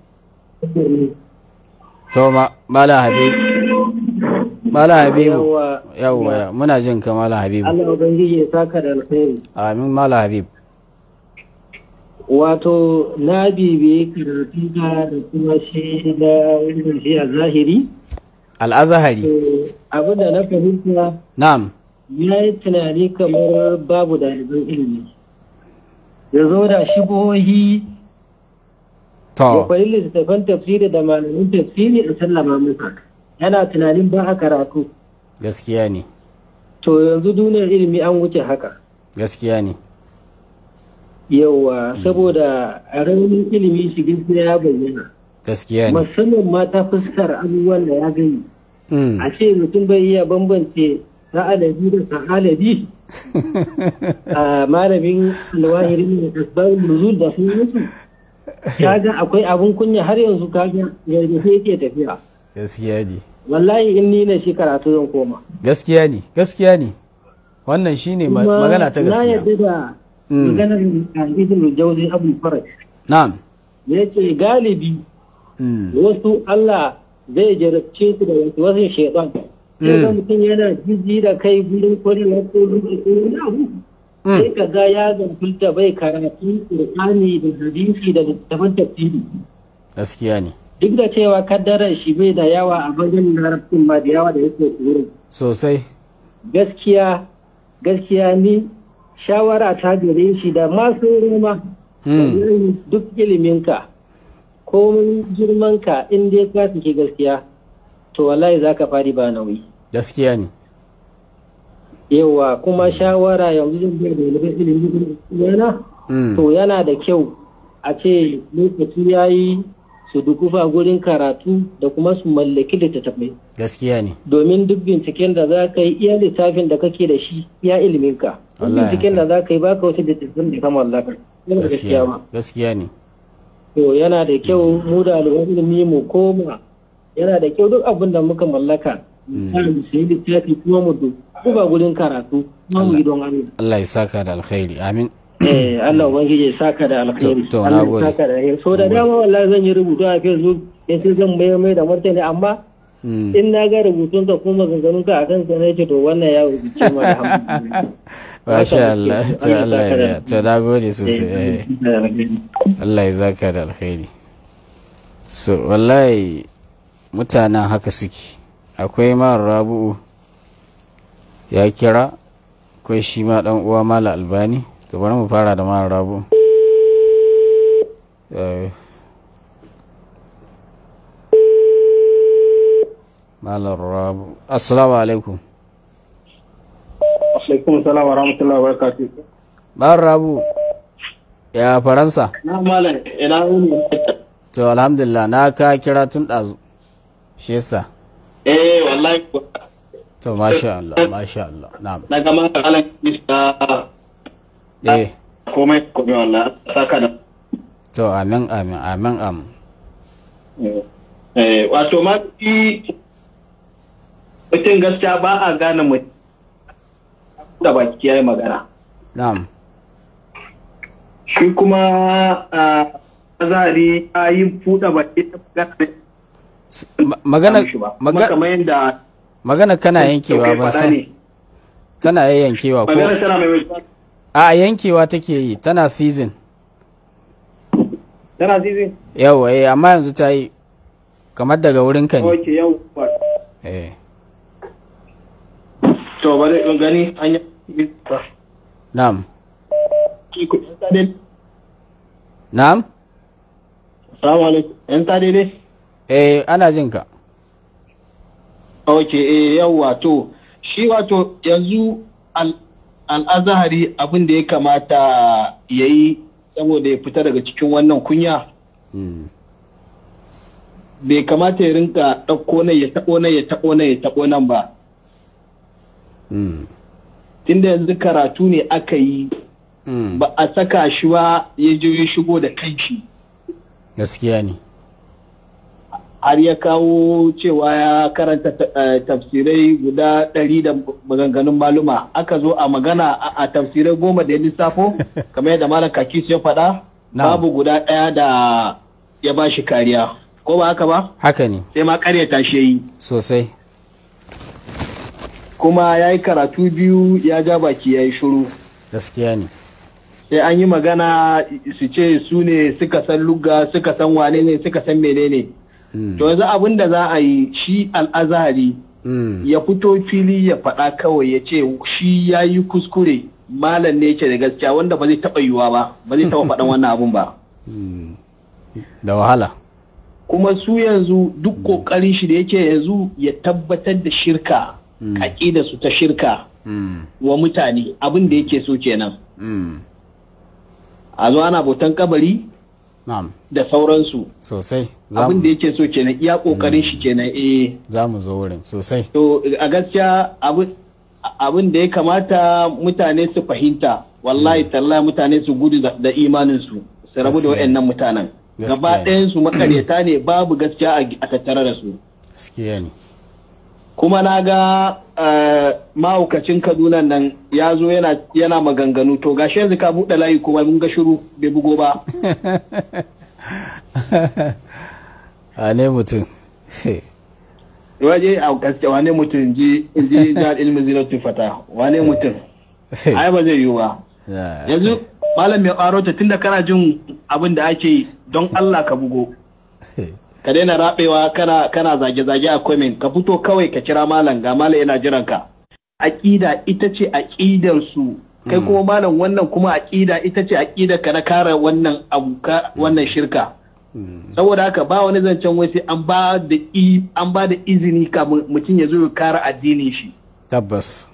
to ma malam habib Mala Habibu. Yawwa muna jin ka Mala Habibu. Allah Ubangiji ya saka da alkhairi. Amin Mala Habibu. Wato na bibi karatu da kuma shi da wurin shi a zahiri. Al-azahari. Abin da na fahimta. Na'am. Ya yi tunani kamar babu ɗaliban ilimi. Ya zo da shigohi To. Ya faɗi littattafan tafsiri da malamin tafsiri a sallama musa. yana tunanin ba a karatu gaskiya ne to yanzu duniyar ilimi an wuce haka gaskiya ne yauwa saboda a raunin ilimi shi gaskiya ya bayyana gaskiya ne musamman ma ta fuskar abubuwan da ya gani mm. a ce mutum bai iya bambance sa'alabi da sa'alabi a malamin alwahirin da tasbarin nuzul da sun mutu kaga akwai abin kunya har yanzu kaga yadda yake tafiya gaskiya ne wallahi in ni ne shi karatu zan koma gaskiya ne gaskiya ne wannan shine magana ta gaskiya na yadda da mm. maganar ibn jawzi abu faraj na'am ce galibi mm. wasu Allah zai jarabce su da wasu wasu shaitan mm. sai mutum yana jiji da kai gurin kwarewa ko na abu sai ka ga ya zanfulta bai karatu qur'ani da hadisi da littafin tafsiri gaskiya ne duk da cewa kaddarar shi bai da yawa a bagen larabcin ba da yawa da yake tsoro. sosai gaskiya gaskiya ni shawara ta gare shi da masu roma hmm. duk iliminka komin girmanka in dai ka ke gaskiya to wallahi za ka fari ba nauyi gaskiya ne yawa kuma hmm. shawara yanzu zan biya da ilimin yana hmm. to yana da kyau a ce lokaci ya yi su dukufa gurin karatu da kuma su mallaki littattafai. Gaskiya ne. Domin duk binciken da za ka yi iya littafin da kake da shi ya iya ka. Duk binciken da za ka yi baka wasu littattafin da ka mallaka. Gaskiya Gaskiya ne. To yana da kyau mm. mu da ilimi mu koma yana da kyau duk abin da muka mallaka. Mu mm. sayi littafi kuma mu duba gurin karatu. Allah ya saka da alkhairi. Amin. eh Allah ubangiji saka da alkhairi Allah saka da alkhairi so da dama wallahi zan yi rubutu a Facebook in sai zan mai mai da martani amma hmm. in na ga rubutun ka kuma ganganun ka akan sa ne to wannan ya rubuce ma alhamdulillah masha Allah to Allah ya to da gode sosai eh, eh. Allah ya zaka da alkhairi so wallahi mutanen haka suke akwai ma rabu'u ya kira akwai shi ma dan uwa mala albani to bari mu fara da mara rabu eh. malar rabu assalamu alaikum alaikum salam wa rahmatullahi wa barakatuh malar rabu ya faransa na malar ina wuni to alhamdulillah na ka kira tun ɗazu shi yasa eh wallahi to masha Allah masha Allah na'am na ga malam ah, eh komai saka da to amin amin amin am eh, eh wato ma mutum gaskiya ba a gane mutum da baki yayi magana na'am shi kuma azari yi baki ta magana magana magana kana yankewa ba san tana yayyankewa ko magana tana mai a yankewa take yi tana season tana season yawa eh amma yanzu ta yi kamar daga wurin ka ne ok yawa eh to ba bari in gani an yi na'am na'am salamu alaikum yan tare ne? eh ana jin ka ok eh yawa shi wato yanzu al al'azahari abin da ya kamata ya yi saboda ya fita daga cikin wannan kunya hmm. bai kamata ya rinka ɗauko nan ya taɓo nan ya taɓo nan ya taɓo nan ba hmm. tunda yanzu karatu ne aka yi hmm. ba a saka shi ba ya je shigo da kanki. gaskiya ne har ya kawo cewa ya karanta eh, tafsirai guda ɗari da maganganun maluma aka zo a magana a tafsirai goma da ya lissafo kamar yadda malam kakis ya faɗa babu guda ɗaya da ya ba shi kariya ko ba haka ba haka ne sai ma karyata shi yi sosai kuma ya yi karatu biyu ya ja baki ya yi shuru gaskiya ne sai an yi magana su ce su ne suka san lugga suka san wane ne suka san menene Mm. To yanzu abin da za a yi shi al'azari mm. ya fito fili ya faɗa kawai ya ce shi ya yi kuskure malam ne yake da gaskiya wanda ba zai taɓa yiwuwa ba ba zai taɓa faɗan wannan abun ba. Mm. Da wahala. Kuma su yanzu duk ƙoƙarin shi da yake yanzu ya tabbatar da shirka aƙida su ta shirka wa mutane abin da yake so kenan. A zo ana bautan kabari da sauransu sosai abin da yake so kenan iya kokarin shi mm. kenan eh za mu zo wurin sosai to a gaskiya abin da ya kamata mutane su fahimta wallahi mm. tallahi mutane su gudu da imanin su su rabu da waɗannan mutanen gaba ɗayan su makareta ne babu gaskiya a tattare da su gaskiya ne kuma na ga eh, mahaukacin kaduna nan ya zo yana maganganu to gashi yanzu ka buɗe layi kuma mun ga shiru bai bugo ba a ne mutum waje a gaske wane mutum ji ji jihar ilmi zinatun tufata wane mutum ai ba zai yiwu ba yanzu malam mai ta tun da kana jin abin da ake don allah ka bugo ka daina rabewa kana kana zage-zage a komen ka fito kawai ka kira malam ga malam yana jiran ka aqida ita ce aqidar su kai hmm. kuma malam wannan kuma aqida ita ce aqidar ka na kare wannan abu hmm. wannan shirka hmm. saboda haka ba wani zancen wai sai an ba da an ba da izini ka mutum ya zo ya kare addinin shi tabbas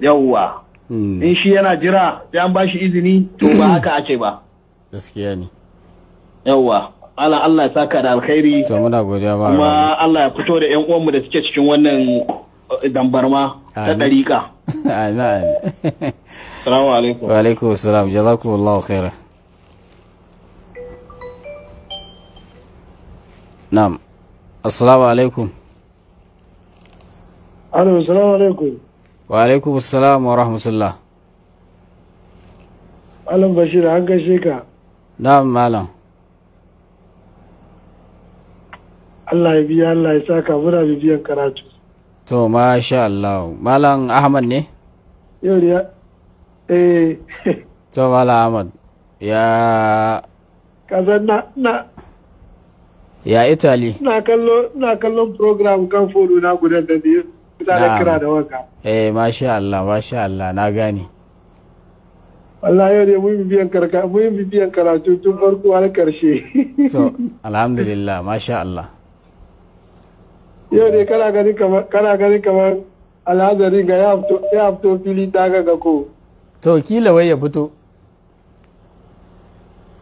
yawwa in shi yana jira sai an ba shi izini to ba haka ake ba gaskiya ne yawwa Allah Allah ya saka da alkhairi kuma Allah ya fito da ƴan uwanmu da suke cikin wannan eh, dambarma ta dariƙa amin Salamu alaikum wa alaikum salam. jazakumullahu khaira. na'am assalamu alaikum Alo, assalamu alaikum. Wa alaikum assalam wa rahmatullah. Malam Bashir, an gaishe ka. Na'am, malam. Allah ya biya Allah ya saka muna bibiyan karatu to masha Allah malam Ahmad ne yau ya eh to malam Ahmad ya kaza na na ya Italy na kallo na kallo program kan fodo na gudan da ne Na, kira da waka eh masha Allah masha Allah na gane Allah yau ne mun bibiyan karka bibiyan karatu tun farko har karshe to alhamdulillah masha Allah yau ne kana ganin kamar alhazarin alhazari ga ya fito fili ta ga ko to kila wai ya fito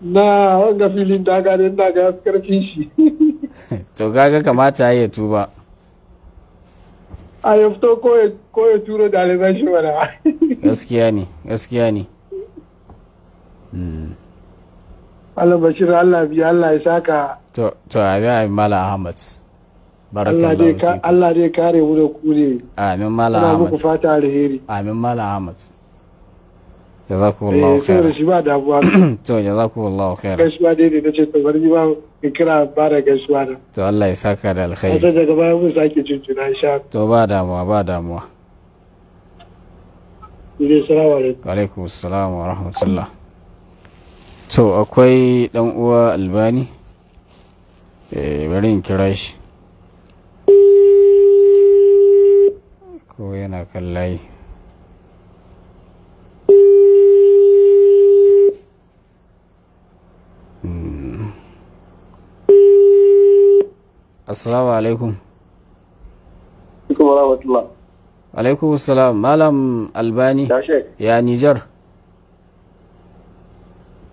na wanga filin ta ga ne na ga karfin shi to kaga kamata ya tuba a ya fito ko ya tura alizan shi mana gaskiya ne gaskiya ne hmm. Allah bashir Allah biya Allah ya saka to to abi mala Ahmad Allah dai kare mu da ku ne amin malam Ahmad muku fata alheri amin malam Ahmad jazakumullahu eh, khair sai shi ba da abuwa. to jazakumullahu khair ba dai ne ce to bari ba in kira ba da gaisuwa da to Allah ya saka da alkhairi sai daga baya mun sake jinjina insha to ba damuwa ba damuwa Ile salamu alaikum. Alaikum salam wa rahmatullah. To akwai dan uwa Albani. Eh bari in kira shi. ko yana kan layi hmm. assalamu alaikum alaikum salam malam albani ya nijar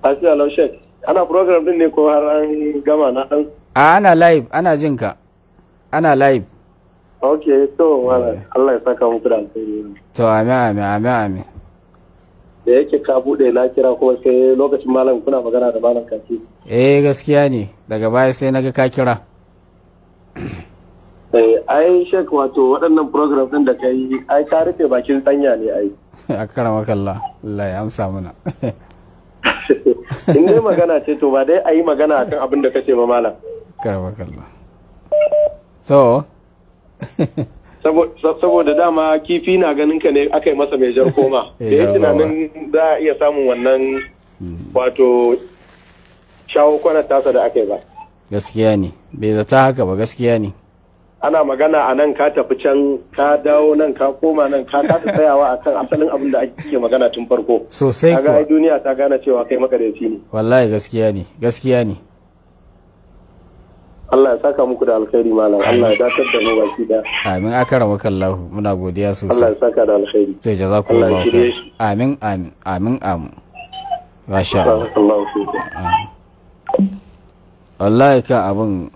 asiya shek ana program din ne ko har an gama na dan ah, ana live ana jinka ana live ok to eh. Allah ya saka muku da alheri to amin amin amin amin da yake ka bude na kira kuma sai lokacin malam kuna magana da malam kaci eh gaskiya ne daga baya sai naga ka kira eh, ai shek wato waɗannan program ɗin da ka yi ai ka rufe bakin tsanya ne ai a karama kalla Allah ya amsa muna in dai magana ce to ba dai a yi magana akan abin da kace ma malam karama kalla so saboda dama kifi na ganin ka ne aka yi masa mai jar koma eh, da ya tunanin za a iya samun wannan wato shawo kwanar tasa da aka yi ba gaskiya ne bai zata haka ba gaskiya ne ana magana a nan ka tafi can ka dawo nan ka koma nan ka kasa tsayawa a kan asalin abin da ake magana tun farko sosai kuwa duniya ta gane cewa kai makareci ne wallahi gaskiya ne gaskiya ne Allah ya saka muku da alkhairi malam Allah ya dakatar da mu baki da amin akarama kallahu muna godiya sosai Allah ya saka da alkhairi sai jazakumullahu khair amin amin amin amin masha Allah wallahi ka abin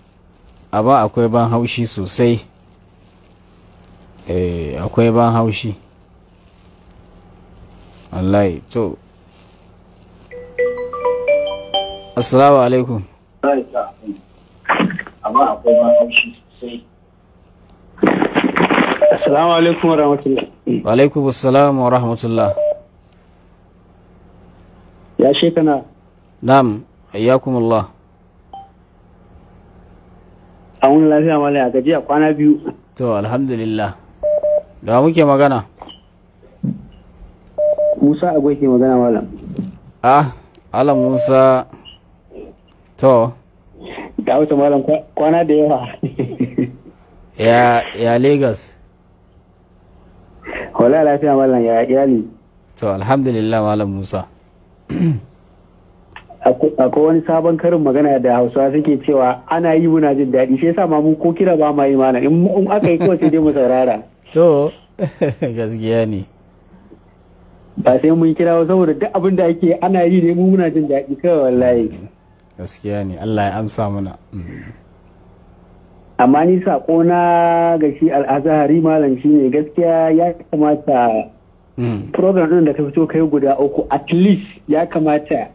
abin akwai ban haushi sosai eh akwai ban haushi wallahi to assalamu alaikum amma akwai ma sosai Assalamu alaikum wa rahmatullah. Wa alaikum assalam wa rahmatullah. Ya shekana. Na'am, ayyakum Allah. An wani lafiya mala a gajiya kwana biyu. To, alhamdulillah. Da muke magana? Musa agwai ke magana malam. Ah, Alam Musa. To. da wata malam kwana da yawa ya ya lagos wala lafiya malam ya iyali to alhamdulillah malam musa akwai wani sabon karin magana da hausawa suke cewa ana yi muna jin daɗi shi yasa mu ko kira ba ma yi mana in aka yi kawai sai dai mu saurara to gaskiya ne ba sai mun kira saboda duk abin da ake ana yi ne mu muna jin daɗi kawai wallahi gaskiya ne Allah ya amsa mana amma ni sako na ga shi al'azahari malam shi ne gaskiya ya kamata hmm. program ɗin da ka fito kai guda uku at least ya kamata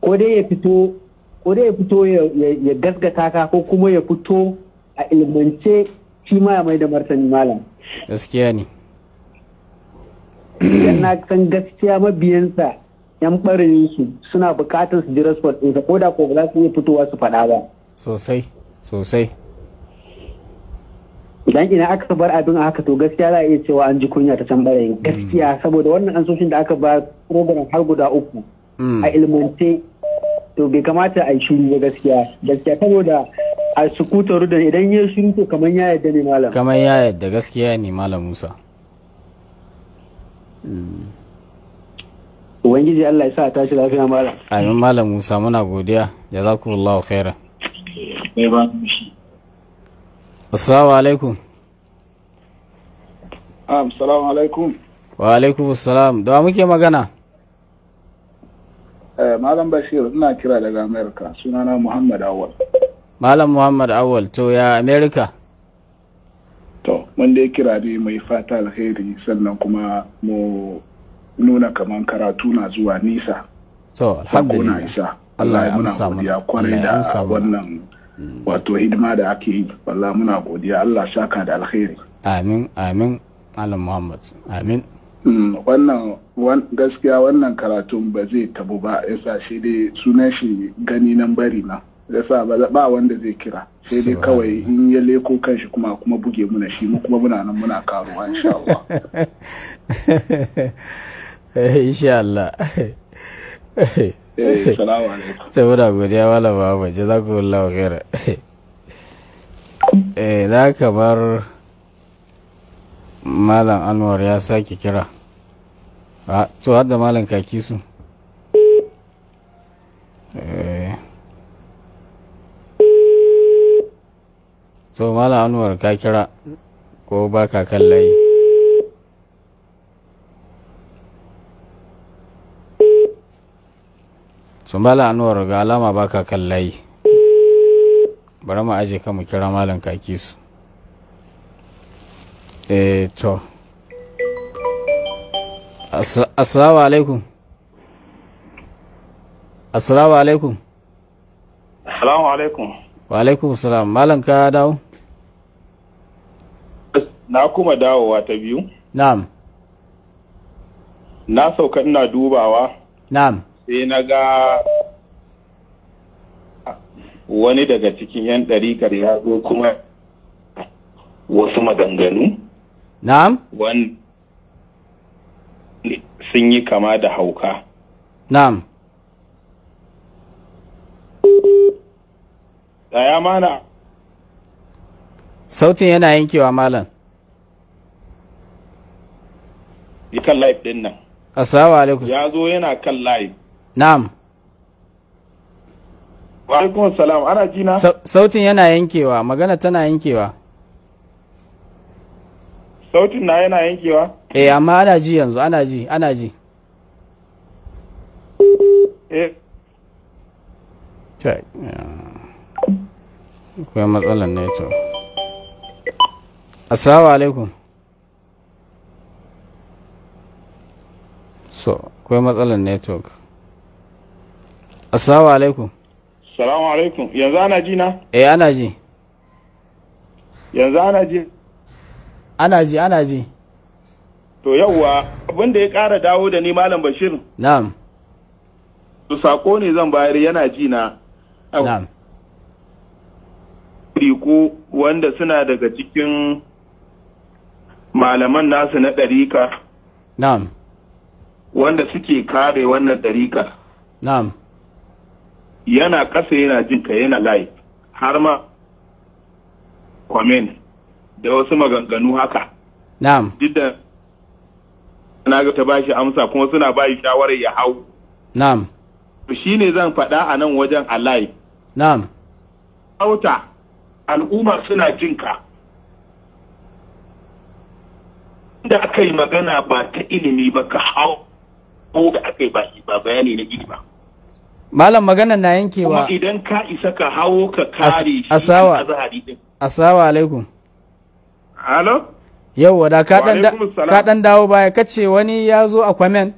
ko dai ya fito ko dai ya fito ya ka ko kuma ya fito a ilmance shi ma ya mai da martani malam gaskiya ne yana na san gaskiya mabiyansa yan barin su suna bukatar su ji response ɗinsa ko da ko ba za su iya fitowa su faɗa ba sosai sosai idan ina aka bar abin a haka to gaskiya za a iya cewa an ji kunya ta can barayin mm. gaskiya saboda wannan ansoshin da aka ba program har guda uku mm. a ilmance to bai kamata a yi shiru ba gaskiya gaskiya saboda a sukuta rudan idan ya shiru to kamar ya yadda ne malam kamar ya yadda gaskiya ne malam musa mm. ubangiji Allah ya sa tashi lafiya malam amin malam Musa muna godiya za ku jazakumullahu khairan eh, assalamu alaikum assalamu alaikum wa alaikum assalam da muke magana eh, malam bashir ina kira daga america sunana muhammad awal malam muhammad awal to ya amerika. to wanda ya kira ne mai fata alheri sannan kuma mu nuna kaman karatu na zuwa nisa to alhamdulillah isa Allah ya amsa mana kwarai da wannan hmm. wato hidima da ake yi wallahi muna godiya Allah shaka da alkhairi amin amin Malam Muhammad amin hmm, wannan gaskiya wannan karatun ba zai tabu ba yasa shi dai sunan shi gani nan bari na yasa ba ba wanda zai kira sai dai kawai in ya leko kanshi kuma kuma buge muna shi mu kuma muna nan muna karuwa insha Allah Eh, insha Allah eh, salamu alaikum sai muna godiya malam Muhammad jazakumullahu khaira eh na kamar malam Anwar ya sake kira a ah, to har da malam kaki su so eh. malam Anwar ka kira ko ba kan layi sumbala anuwar ga alama baka kan layi bari mu aje kan mu kira malam kaki su eh to assalamu alaikum assalamu alaikum assalamu alaikum wa alaikum salam malam ka dawo na kuma dawowa ta biyu na'am na sauka ina dubawa na'am sai na ga wani daga cikin 'yan ɗarikar ya zo kuma wasu maganganu na'am sun yi kama da hauka na'am tsaya mana sautin yana yankewa malam yi kan live din nan assalamu alaikum ya zo yana kan live na'am wa alaikum salam ana jina sautin yana yankewa magana tana yankewa sautin na yana yankewa eh amma ana ji yanzu ana ji ana ji eh akwai matsalar network assalamu alaikum so akwai matsalar network assalamu alaikum assalamu alaikum yanzu ana ji na eh ana ji yanzu ana ji ana ji ana ji to yawwa abin da ya ƙara dawo da ni malam bashir na'am to sako ne zan bayar yana ji na na'am riko wanda suna daga cikin malaman nasu na ɗarika na'am wanda suke kare wannan ɗarika na'am yana ƙasa yana jin ka yana layi. har ma kwamen da wasu maganganu haka na'am duk da na ga ta bashi amsa kuma suna bayi shawarar ya hau na'am shi ne zan faɗa a nan wajen a na'am auta al'umma suna jin ka da aka yi magana ba ta ilimi ba ka hau ko da aka yi ba bayani na ilimi ba malam maganan na yankewa kuma idan ka isa ka hawo ka kare shi asawa asawa alaikum halo yauwa da ka dan dawo baya ce wani ya zo a kwamen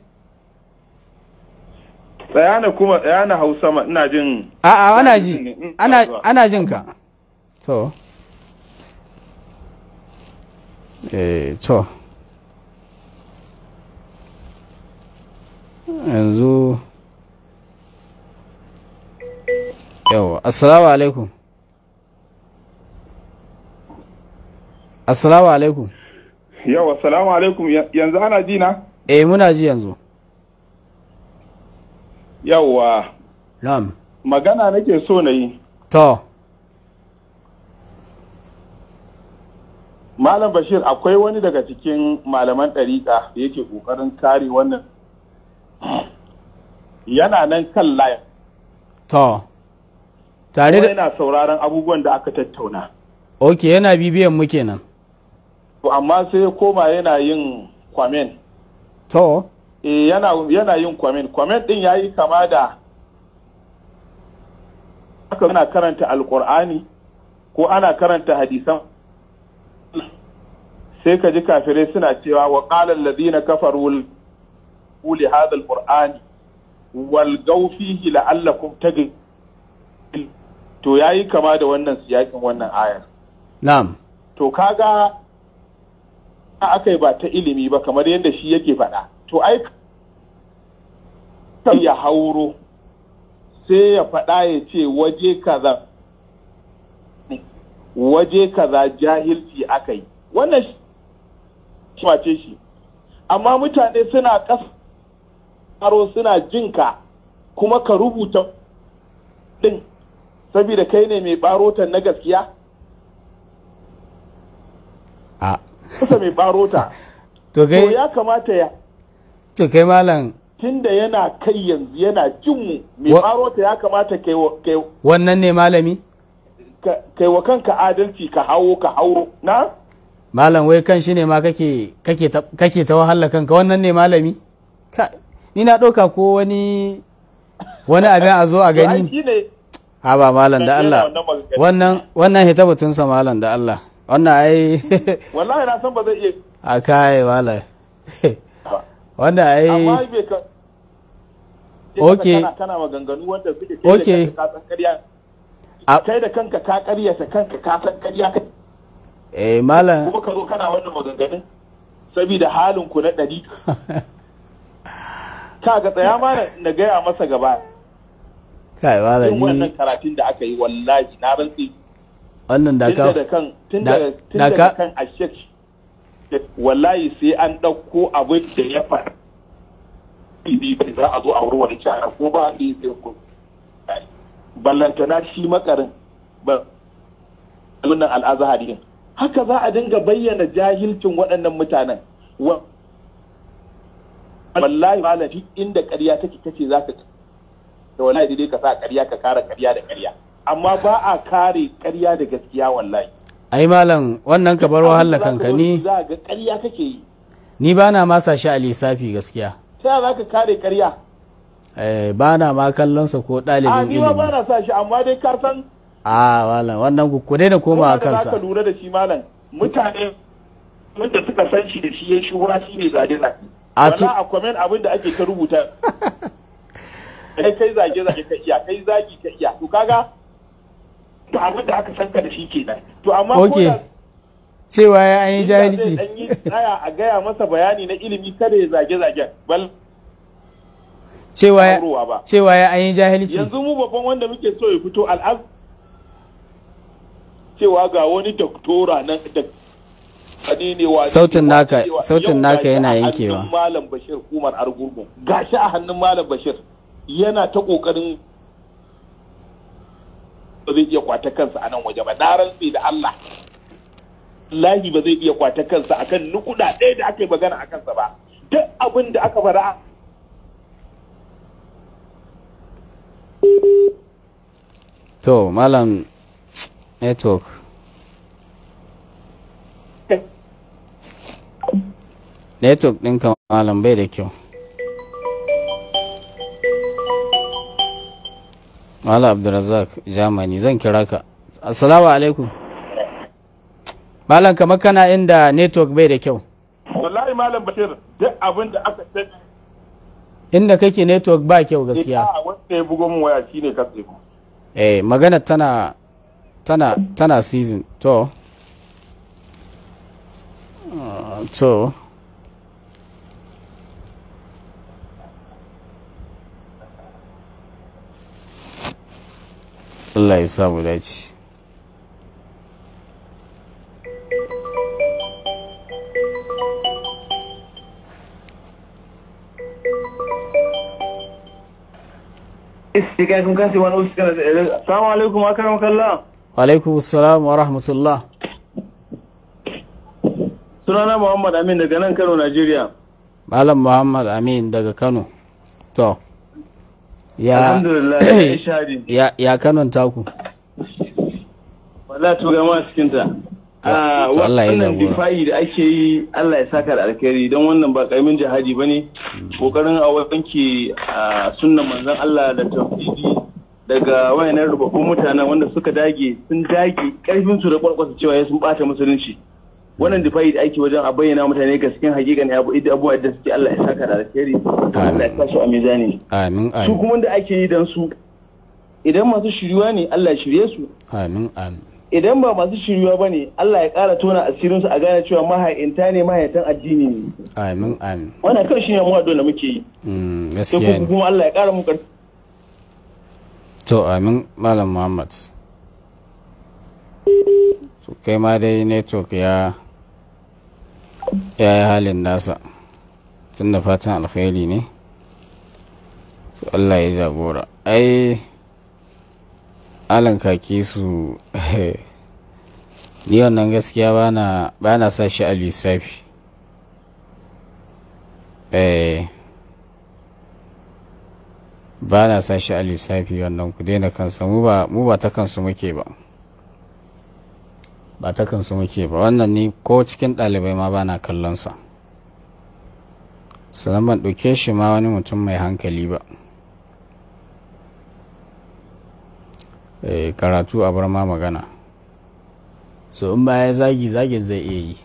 tsayana kuma tsayana hausa ma ina jin a a ana ji ana jin ka to eh to yanzu yawa assalamu alaikum assalamu alaikum yawa assalamu alaikum yanzu ana ji na eh muna ji yanzu yawa na'am magana nake so na yi to malam bashir akwai wani daga cikin malaman ɗariƙa da yake ƙoƙarin kare wannan yana nan kan layin to tare da yana sauraron abubuwan da aka tattauna ok yana bibiyan mu kenan to amma sai koma yana yin kwamen to eh yana, yana yin kwamen kwamen din ya yi kama da aka yana karanta alkur'ani ko ana karanta hadisan sai ka ji kafirai suna cewa wa qala alladhina kafaru li hadha alqur'ani wal gawfihi la'allakum taghfirun to ya yi kama da wannan siyakin wannan ayar. Na'am. To kaga aka yi ba ta ilimi ba kamar yadda shi yake faɗa. To ai ya hauro sai ya faɗa ya ce waje kaza waje kaza jahilci aka yi. Wannan shi shi. Amma mutane suna ƙasa suna jinka kuma ka rubuta ɗin saboda kai ne mai barotan na gaskiya a kusa mai barota to kai ya kamata ya to kai malam tunda yana kai yanzu yana jin mu mai barota ya kamata kai wannan ne malami kai wa kanka adalci ka hawo ka hauro na malam wai kan shi ne ma kake kake ta wahala kanka wannan ne malami ni na ɗauka ko wani wani abin a zo a gani haba malam da Allah wannan wannan hita sa malam da Allah wannan ai wallahi na san ba zai iya a kai malam wannan ai okay kana maganganu wanda suke ok kai da kanka ka ta kanka ka san karya eh malam ko ka zo kana wannan maganganun saboda halin ku na dari ka ga tsaya malam na gaya masa gaba kai wala ni wannan karatun da aka yi wallahi na rantsi wannan da ka da kan tun da kan ashek wallahi sai an dauko abin da ya faru PDP za a zo a wurin wani shara ko ba ni sai ku ballantana shi makarin ba wannan al'azahari din haka za a dinga bayyana jahilcin waɗannan mutanen wallahi malafi inda ƙarya take kace za ka to wallahi dai ka sa ƙarya ka kare ƙarya da ƙarya amma ba a kare ƙarya da gaskiya wallahi ai malam wannan ka bar wahala kanka ni za ga ƙarya kake yi ni ba na ma sa shi a lissafi gaskiya ta za ka kare ƙarya eh ba na ma kallon sa ko ɗalibin ilimi a ni ba na sa shi amma dai ka san a malam wannan ku daina koma a kansa ka lura da shi malam mutane wanda suka san shi da shi ya wura shi ne zade zade a comment abin da ake ta rubuta kai kai zage zage ka iya kai zagi ka iya to kaga to abin da aka san ka da shi kenan to amma okay cewa ya an yi jahilci dan yi tsaya a gaya masa bayani na ilimi kada ya zage zage bal cewa ya cewa ya an yi jahilci yanzu mu babban wanda muke so ya fito al'az cewa ga wani doktora nan da sautin naka sautin naka yana yankewa malam bashir argurgun gashi a hannun malam bashir yana ta kokarin ba zai iya kwata kansa a nan waje ba na rantsi da Allah lahi ba zai iya kwata kansa akan nukuda ɗaya da aka yi magana a kansa ba duk abin da aka fara to malam network network ɗinka malam bai da kyau Mala Abdulrazak jamani zan kira ka. Assalamu alaikum. Malam kamar kana inda network bai da kyau. Wallahi Malam Bashir duk abin da aka ce Inda kake network ba kyau gaskiya. Ina wanda ya bugo mun waya shine ka Eh magana tana tana tana season to. Uh, to Allah ya samu dace istiga kun kasi wani uskana salamu alaikum akaram kallah wa alaikum assalam wa rahmatullah sunana muhammad amin daga nan kano najeriya malam muhammad amin daga kano to ya ya kanon taku wala to gama cikin ta ah, Allah ya difa'i da ake yi Allah ya saka da alkhairi don wannan ba karamin jihadi bane kokarin hmm. a wanke ah, sunnan manzon Allah da tauhidi daga wayanan rubabbun mutanen wanda suka dage sun dage karfin su da kwarkwasa cewa sun bata musulunci wannan hmm. da da ake wajen a bayyana mutane gaskiyan hakikan abu idan abubuwa da suke Allah ya saka da alheri Allah ya sa a mizani amin amin su kuma da ake yi dan su idan masu shiriwa ne Allah ya shirye su amin amin idan ba masu shiriwa ba ne Allah ya ƙara tona asirin su a gane cewa maha'inta ne mahaitan addini ne amin amin wannan kan ne mu da muke yi hmm, gaskiya ne kuma Allah ya ƙara mu ƙarfi to amin malam Muhammad to kai ma dai network ya ya yi halin nasa tun da fatan alkhairi ne su allah ya jagora ai alan kaki su ni wannan gaskiya ba na sa shi a lissafi eh, ba na sa shi a lissafi wannan ku daina kansa mu ba ta kansu muke ba ba ta kansu muke ba wannan ni ko cikin ɗalibai ma ba kallon sa sannan ban ɗauke shi ma wani mutum mai hankali ba eh, karatu a bar ma magana so in ba ya zagi zagin zai iya yi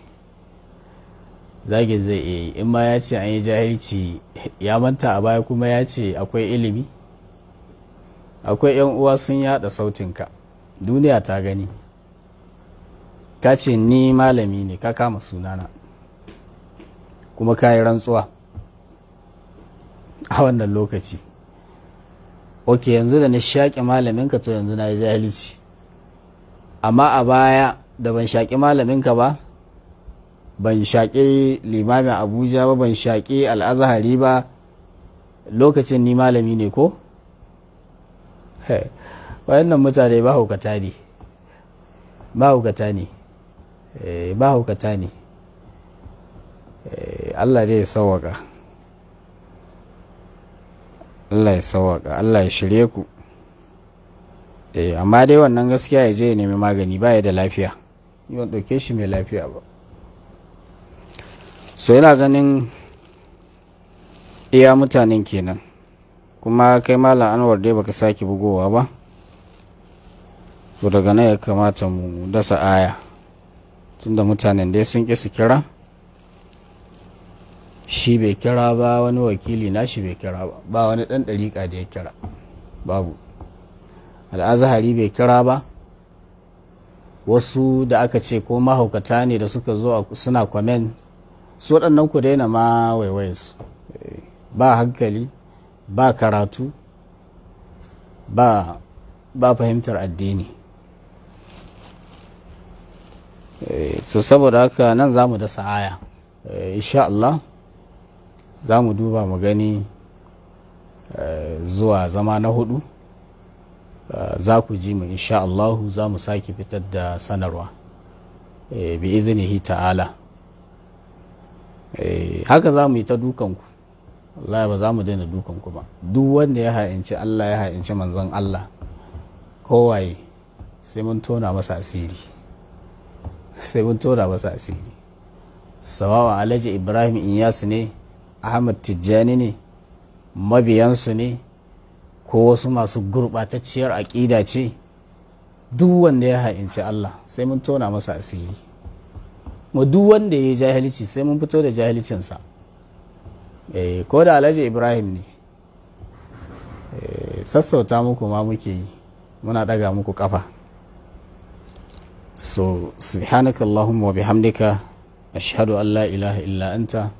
zagin zai iya yi in ma ya ce an yi jahilci ya manta a baya kuma ya ce akwai ilimi akwai 'yan uwa sun yada sautinka duniya ta gani ka ce ni malami ne ka kama sunana kuma ka yi rantsuwa a wannan lokaci ok yanzu da na shaƙi malaminka to yanzu na yi jahilci amma a baya da ban shaƙi malaminka ba ban shaƙi limamin abuja ba ban shaƙi al'azahari ba lokacin ni malami ne ko? wayannan mutane ba hukata ba haukata ne ba eh, hukata ne eh, allah dai sawaka allah ya sawaka allah ya shirye ku eh, amma dai wannan gaskiya ya je ya nemi magani ba ya da lafiya yawan ɗauke shi mai lafiya ba so yana ganin iya mutanen kenan kuma kai malam anwar dai baka sake bugowa ba to daga nan ya kamata mu dasa aya tunda mutanen dai sun ƙi su kira shi bai kira ba wani wakili na shi bai kira ba ba wani ɗan ɗariƙa da ya kira babu al'azahari bai kira ba wasu da aka ce ko mahaukata ne da suka zo suna kwamen su waɗannan ku daina ma waiwai su ba hankali ba karatu ba fahimtar addini Eh, so saboda haka nan za mu da sa'aya eh, insha Allah za mu duba mu gani eh, zuwa zama na hudu za ku ji mu insha zamu za mu sake fitar da sanarwa bi izinihi ta'ala haka za mu yi ta dukanku Allah ba za mu daina dukanku ba duk wanda ya ha'inci Allah ya ha'inci manzon Allah kowaye sai mun tona masa asiri sai mun tona masa asiri sawawa alhaji ibrahim inyas ne ahmad tijjani ne mabiyansu ne ko wasu masu gurɓatacciyar aƙida ce duk wanda ya ha'inci allah sai mun tona masa asiri mu duk wanda ya yi jahilci sai mun fito da jahilcinsa eh, ko da alhaji ibrahim ne eh, sassauta muku ma muke yi muna ɗaga muku ƙafa so subhanakallahumma wa bihamdika ashhadu an la ilaha illa anta